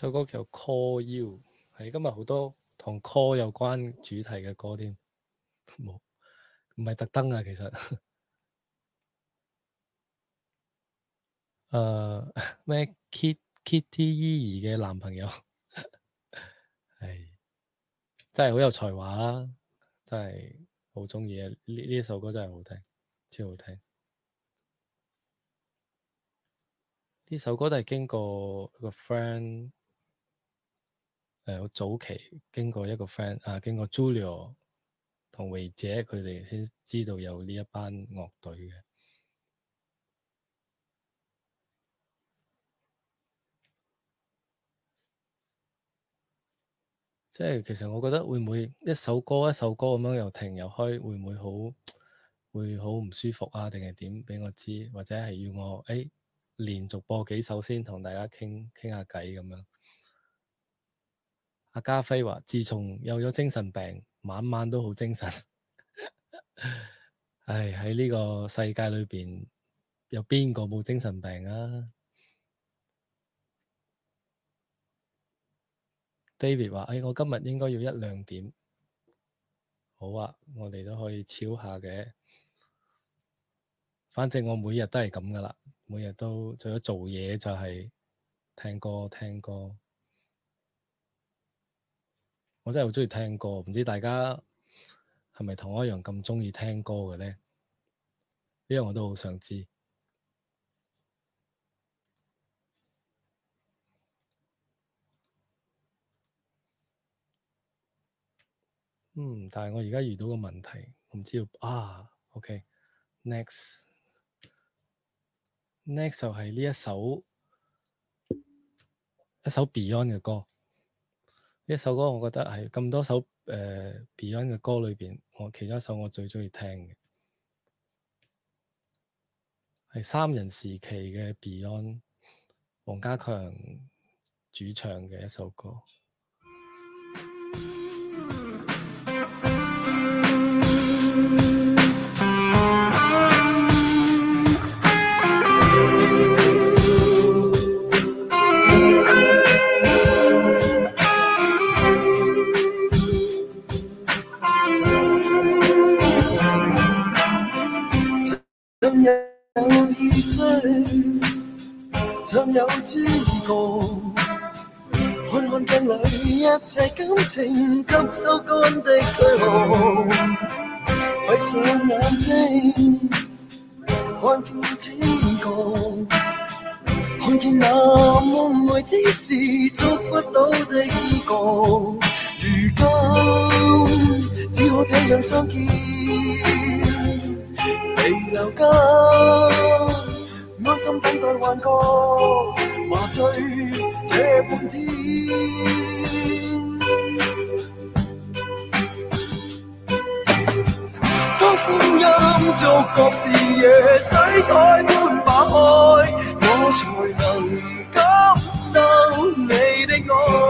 Speaker 1: 這首歌叫《Call You》，係今日好多同 call 有關主題嘅歌添，冇唔係特登啊。其實，其實 (laughs) 呃，咩？Kit Kitty 伊兒嘅男朋友係 (laughs) 真係好有才華啦，真係好鍾意啊！呢呢首歌真係好聽，超好聽。呢首歌都係經過一個 friend。誒、呃，早期經過一個 friend 啊，經過 Julio 同維姐佢哋先知道有呢一班樂隊嘅。即係其實我覺得會唔會一首歌一首歌咁樣又停又開會會，會唔會好會好唔舒服啊？定係點？畀我知，或者係要我誒、哎、連續播幾首先，同大家傾傾下偈咁樣。阿家輝話：自從有咗精神病，晚晚都好精神。 (laughs) 唉，喺呢個世界裏邊，有邊個冇精神病啊？David 話：唉，我今日應該要一兩點。好啊，我哋都可以超下嘅。反正我每日都係咁噶啦，每日都除咗做嘢就係聽歌聽歌。聽歌。我真係好鍾意聽歌，唔知大家係咪同我一樣咁鍾意聽歌嘅呢？呢樣我都好想知。嗯，但係我而家遇到個問題，我唔知要……啊。OK，next，next、okay, 就係呢一首一首 Beyond 嘅歌。呢首歌，我覺得係咁多首誒 Beyond 嘅歌裏面，我其中一首我最鍾意聽嘅，係三人時期嘅 Beyond 黃家強主唱嘅一首歌。
Speaker 6: 必須尚有知覺，看看鏡裏一切感情急抽乾的軀殼，閉 oh, oh, oh. 上眼睛看見天國，看見那夢寐之時捉不到的一角，如今只可這樣相見，未留間。安心等待幻覺麻醉這半天，當聲音觸覺視野水彩般化開，我才能感受你的愛。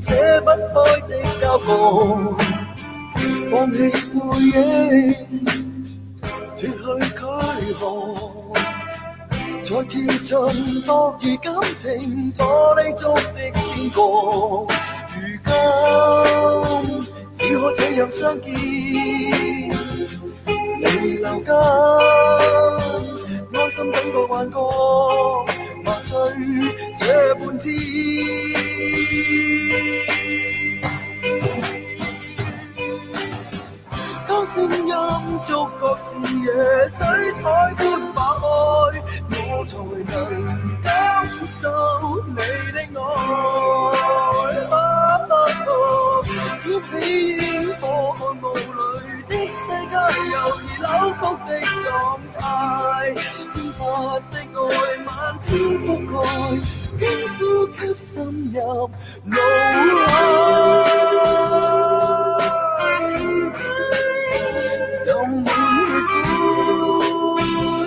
Speaker 6: 解不開的交膜，放棄背影，脱去軀殼，再跳進落葉。如感情玻璃做的天國，如今只可這樣相見。彌留間安心等個幻覺。麻醉這半天，當聲音、觸覺、視野、 (noise) 水彩般化開， (noise) 我才能感受你的愛。世界猶如扭曲的狀態，蒸發的愛漫天覆蓋，經呼吸滲入腦海，充滿血管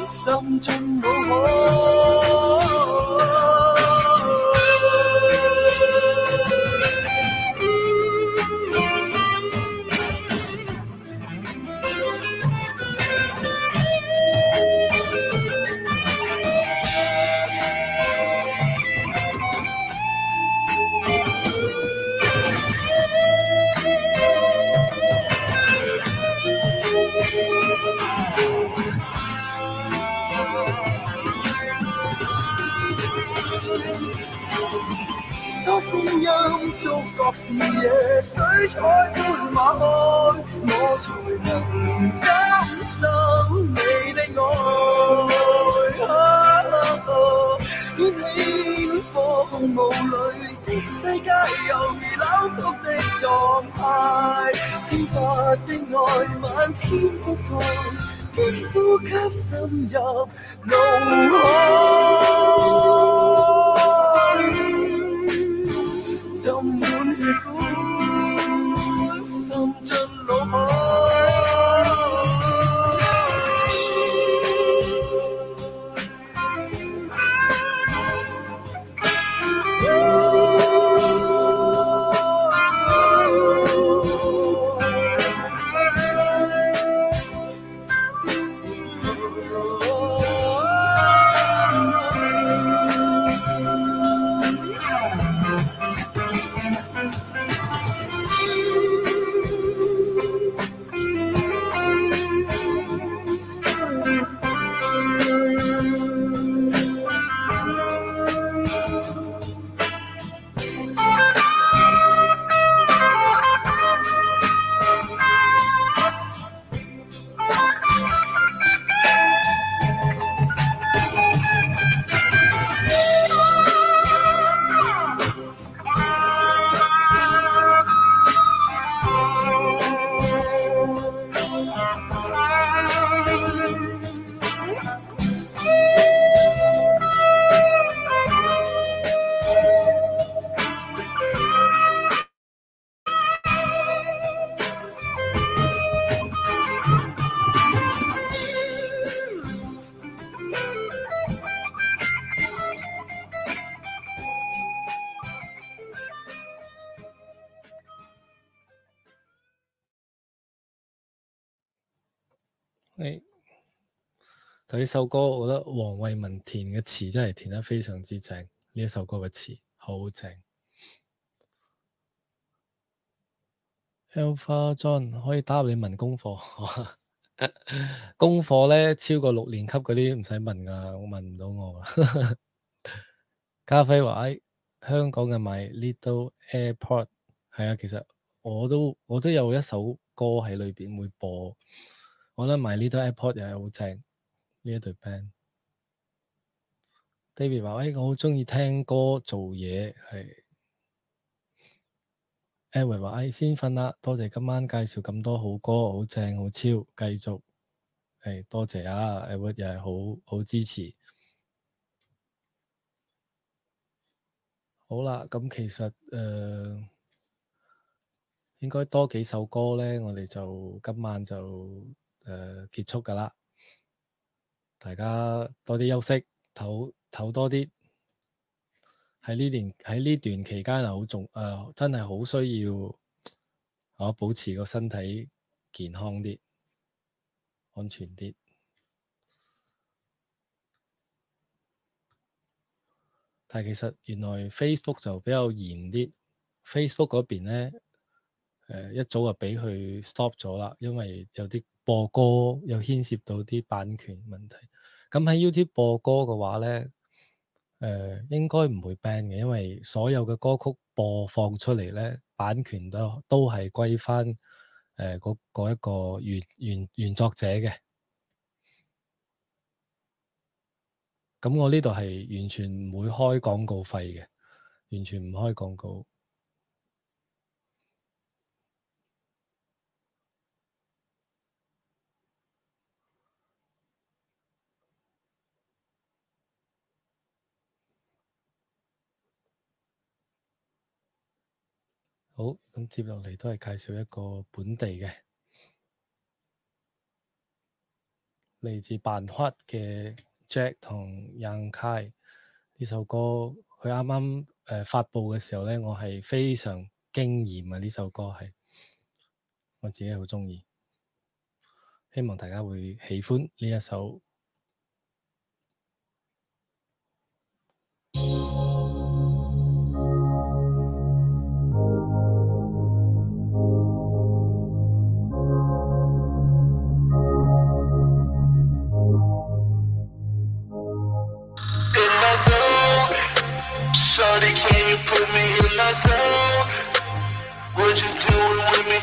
Speaker 6: 心中腦海。
Speaker 1: 呢首歌，我覺得黃偉文填嘅詞真係填得非常之正。呢首歌嘅詞好正。Alpha John 可以打入你問功課。 (laughs) 功課呢，超過六年級嗰啲唔使問㗎，我問唔到我。嘉輝話：，誒、哎、香港嘅 My Little Airport 係啊，其實我都我都有一首歌喺裏邊會播。我覺得 My Little Airport 又係好正。呢一對 band，David 話：，哎，我好鍾意聽歌做嘢，係 Edward 話：，哎，先瞓啦，多謝今晚介紹咁多好歌，好正，好超，繼續，係多謝啊 Edward 又係好好支持。好啦，咁、嗯、其實誒、呃、應該多幾首歌咧，我哋就今晚就誒、呃、結束㗎啦。大家多啲休息，唞唞多啲。喺呢段喺呢段期間好重誒、呃，真係好需要我、呃、保持個身體健康啲，安全啲。但其實原來 Facebook 就比較嚴啲，Facebook 嗰邊咧誒，一早就畀佢 stop 咗啦，因為有啲。播歌又牽涉到啲版權問題，咁喺 YouTube 播歌嘅話咧，誒、呃、應該唔會 ban 嘅，因為所有嘅歌曲播放出嚟咧，版權都都係歸返誒嗰嗰一個原原原作者嘅。咁我呢度係完全唔會開廣告費嘅，完全唔開廣告。好，咁接落嚟都係介紹一個本地嘅，嚟自辦發嘅 Jack 同 Young Kai 呢首歌，佢啱啱誒發布嘅時候呢，我係非常驚豔啊！呢首歌係我自己好鍾意，希望大家會喜歡呢一首。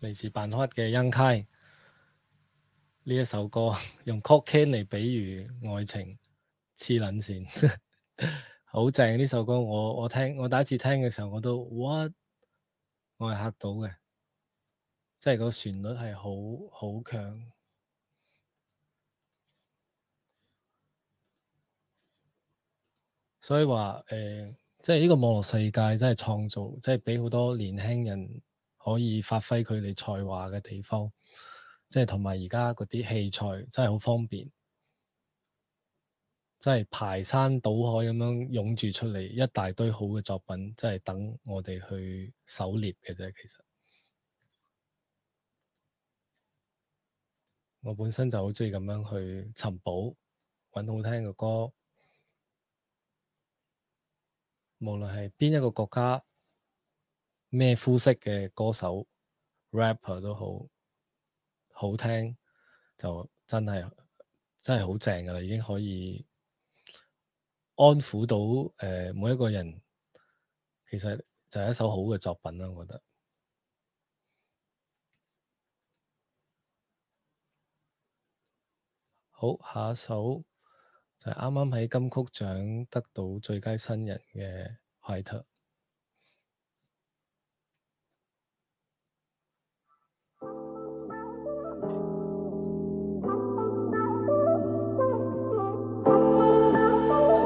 Speaker 1: 嚟自辦屈嘅恩楷呢一首歌，用 cocaine 嚟比喻愛情，黐撚線，好正呢首歌。我我聽我第一次聽嘅時候，我都哇，What? 我係嚇到嘅，即係個旋律係好好強。所以話誒，即係呢個網絡世界真係創造，即係畀好多年輕人。可以發揮佢哋才華嘅地方，即係同埋而家嗰啲器材真係好方便，真係排山倒海咁樣湧住出嚟一大堆好嘅作品，真係等我哋去狩獵嘅啫。其實我本身就好鍾意咁樣去尋寶，揾好聽嘅歌，無論係邊一個國家。咩膚色嘅歌手、rapper 都好好聽，就真係真係好正噶啦！已經可以安撫到誒、呃、每一個人。其實就係一首好嘅作品啦，我覺得。好，下一首就係啱啱喺金曲獎得到最佳新人嘅凱特。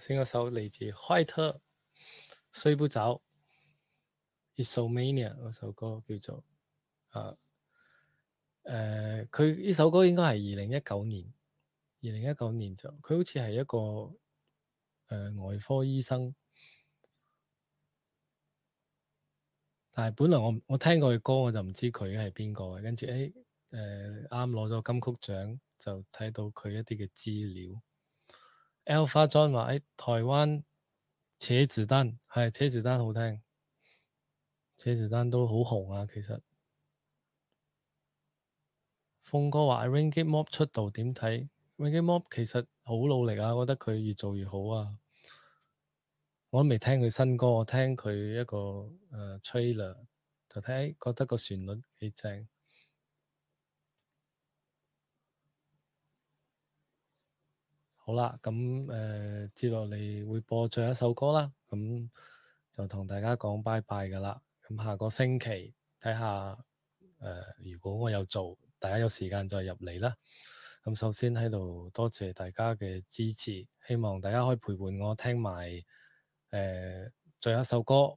Speaker 1: 先嗰首嚟自懷特《睡不着》，Insomnia a 嗰首歌叫做啊，誒、呃，佢呢首歌應該係二零一九年，二零一九年就佢好似係一個誒、呃、外科醫生，但係本來我我聽過佢歌，我就唔知佢係邊個嘅，跟住誒，誒啱攞咗金曲獎，就睇到佢一啲嘅資料。L 花莊話，誒、哎、台灣扯子丹係扯子丹好聽，扯子丹都好紅啊。其實鳳哥話，Ringgit Mob 出道點睇？Ringgit Mob 其實好努力啊，覺得佢越做越好啊。我都未聽佢新歌，我聽佢一個誒、呃、trailer 就聽、哎，覺得個旋律幾正。好啦，咁、嗯、誒接落嚟會播最後一首歌啦，咁、嗯、就同大家講拜拜㗎啦。咁、嗯、下個星期睇下誒，如果我有做，大家有時間再入嚟啦。咁、嗯、首先喺度多謝大家嘅支持，希望大家可以陪伴我聽埋誒、呃、最後一首歌。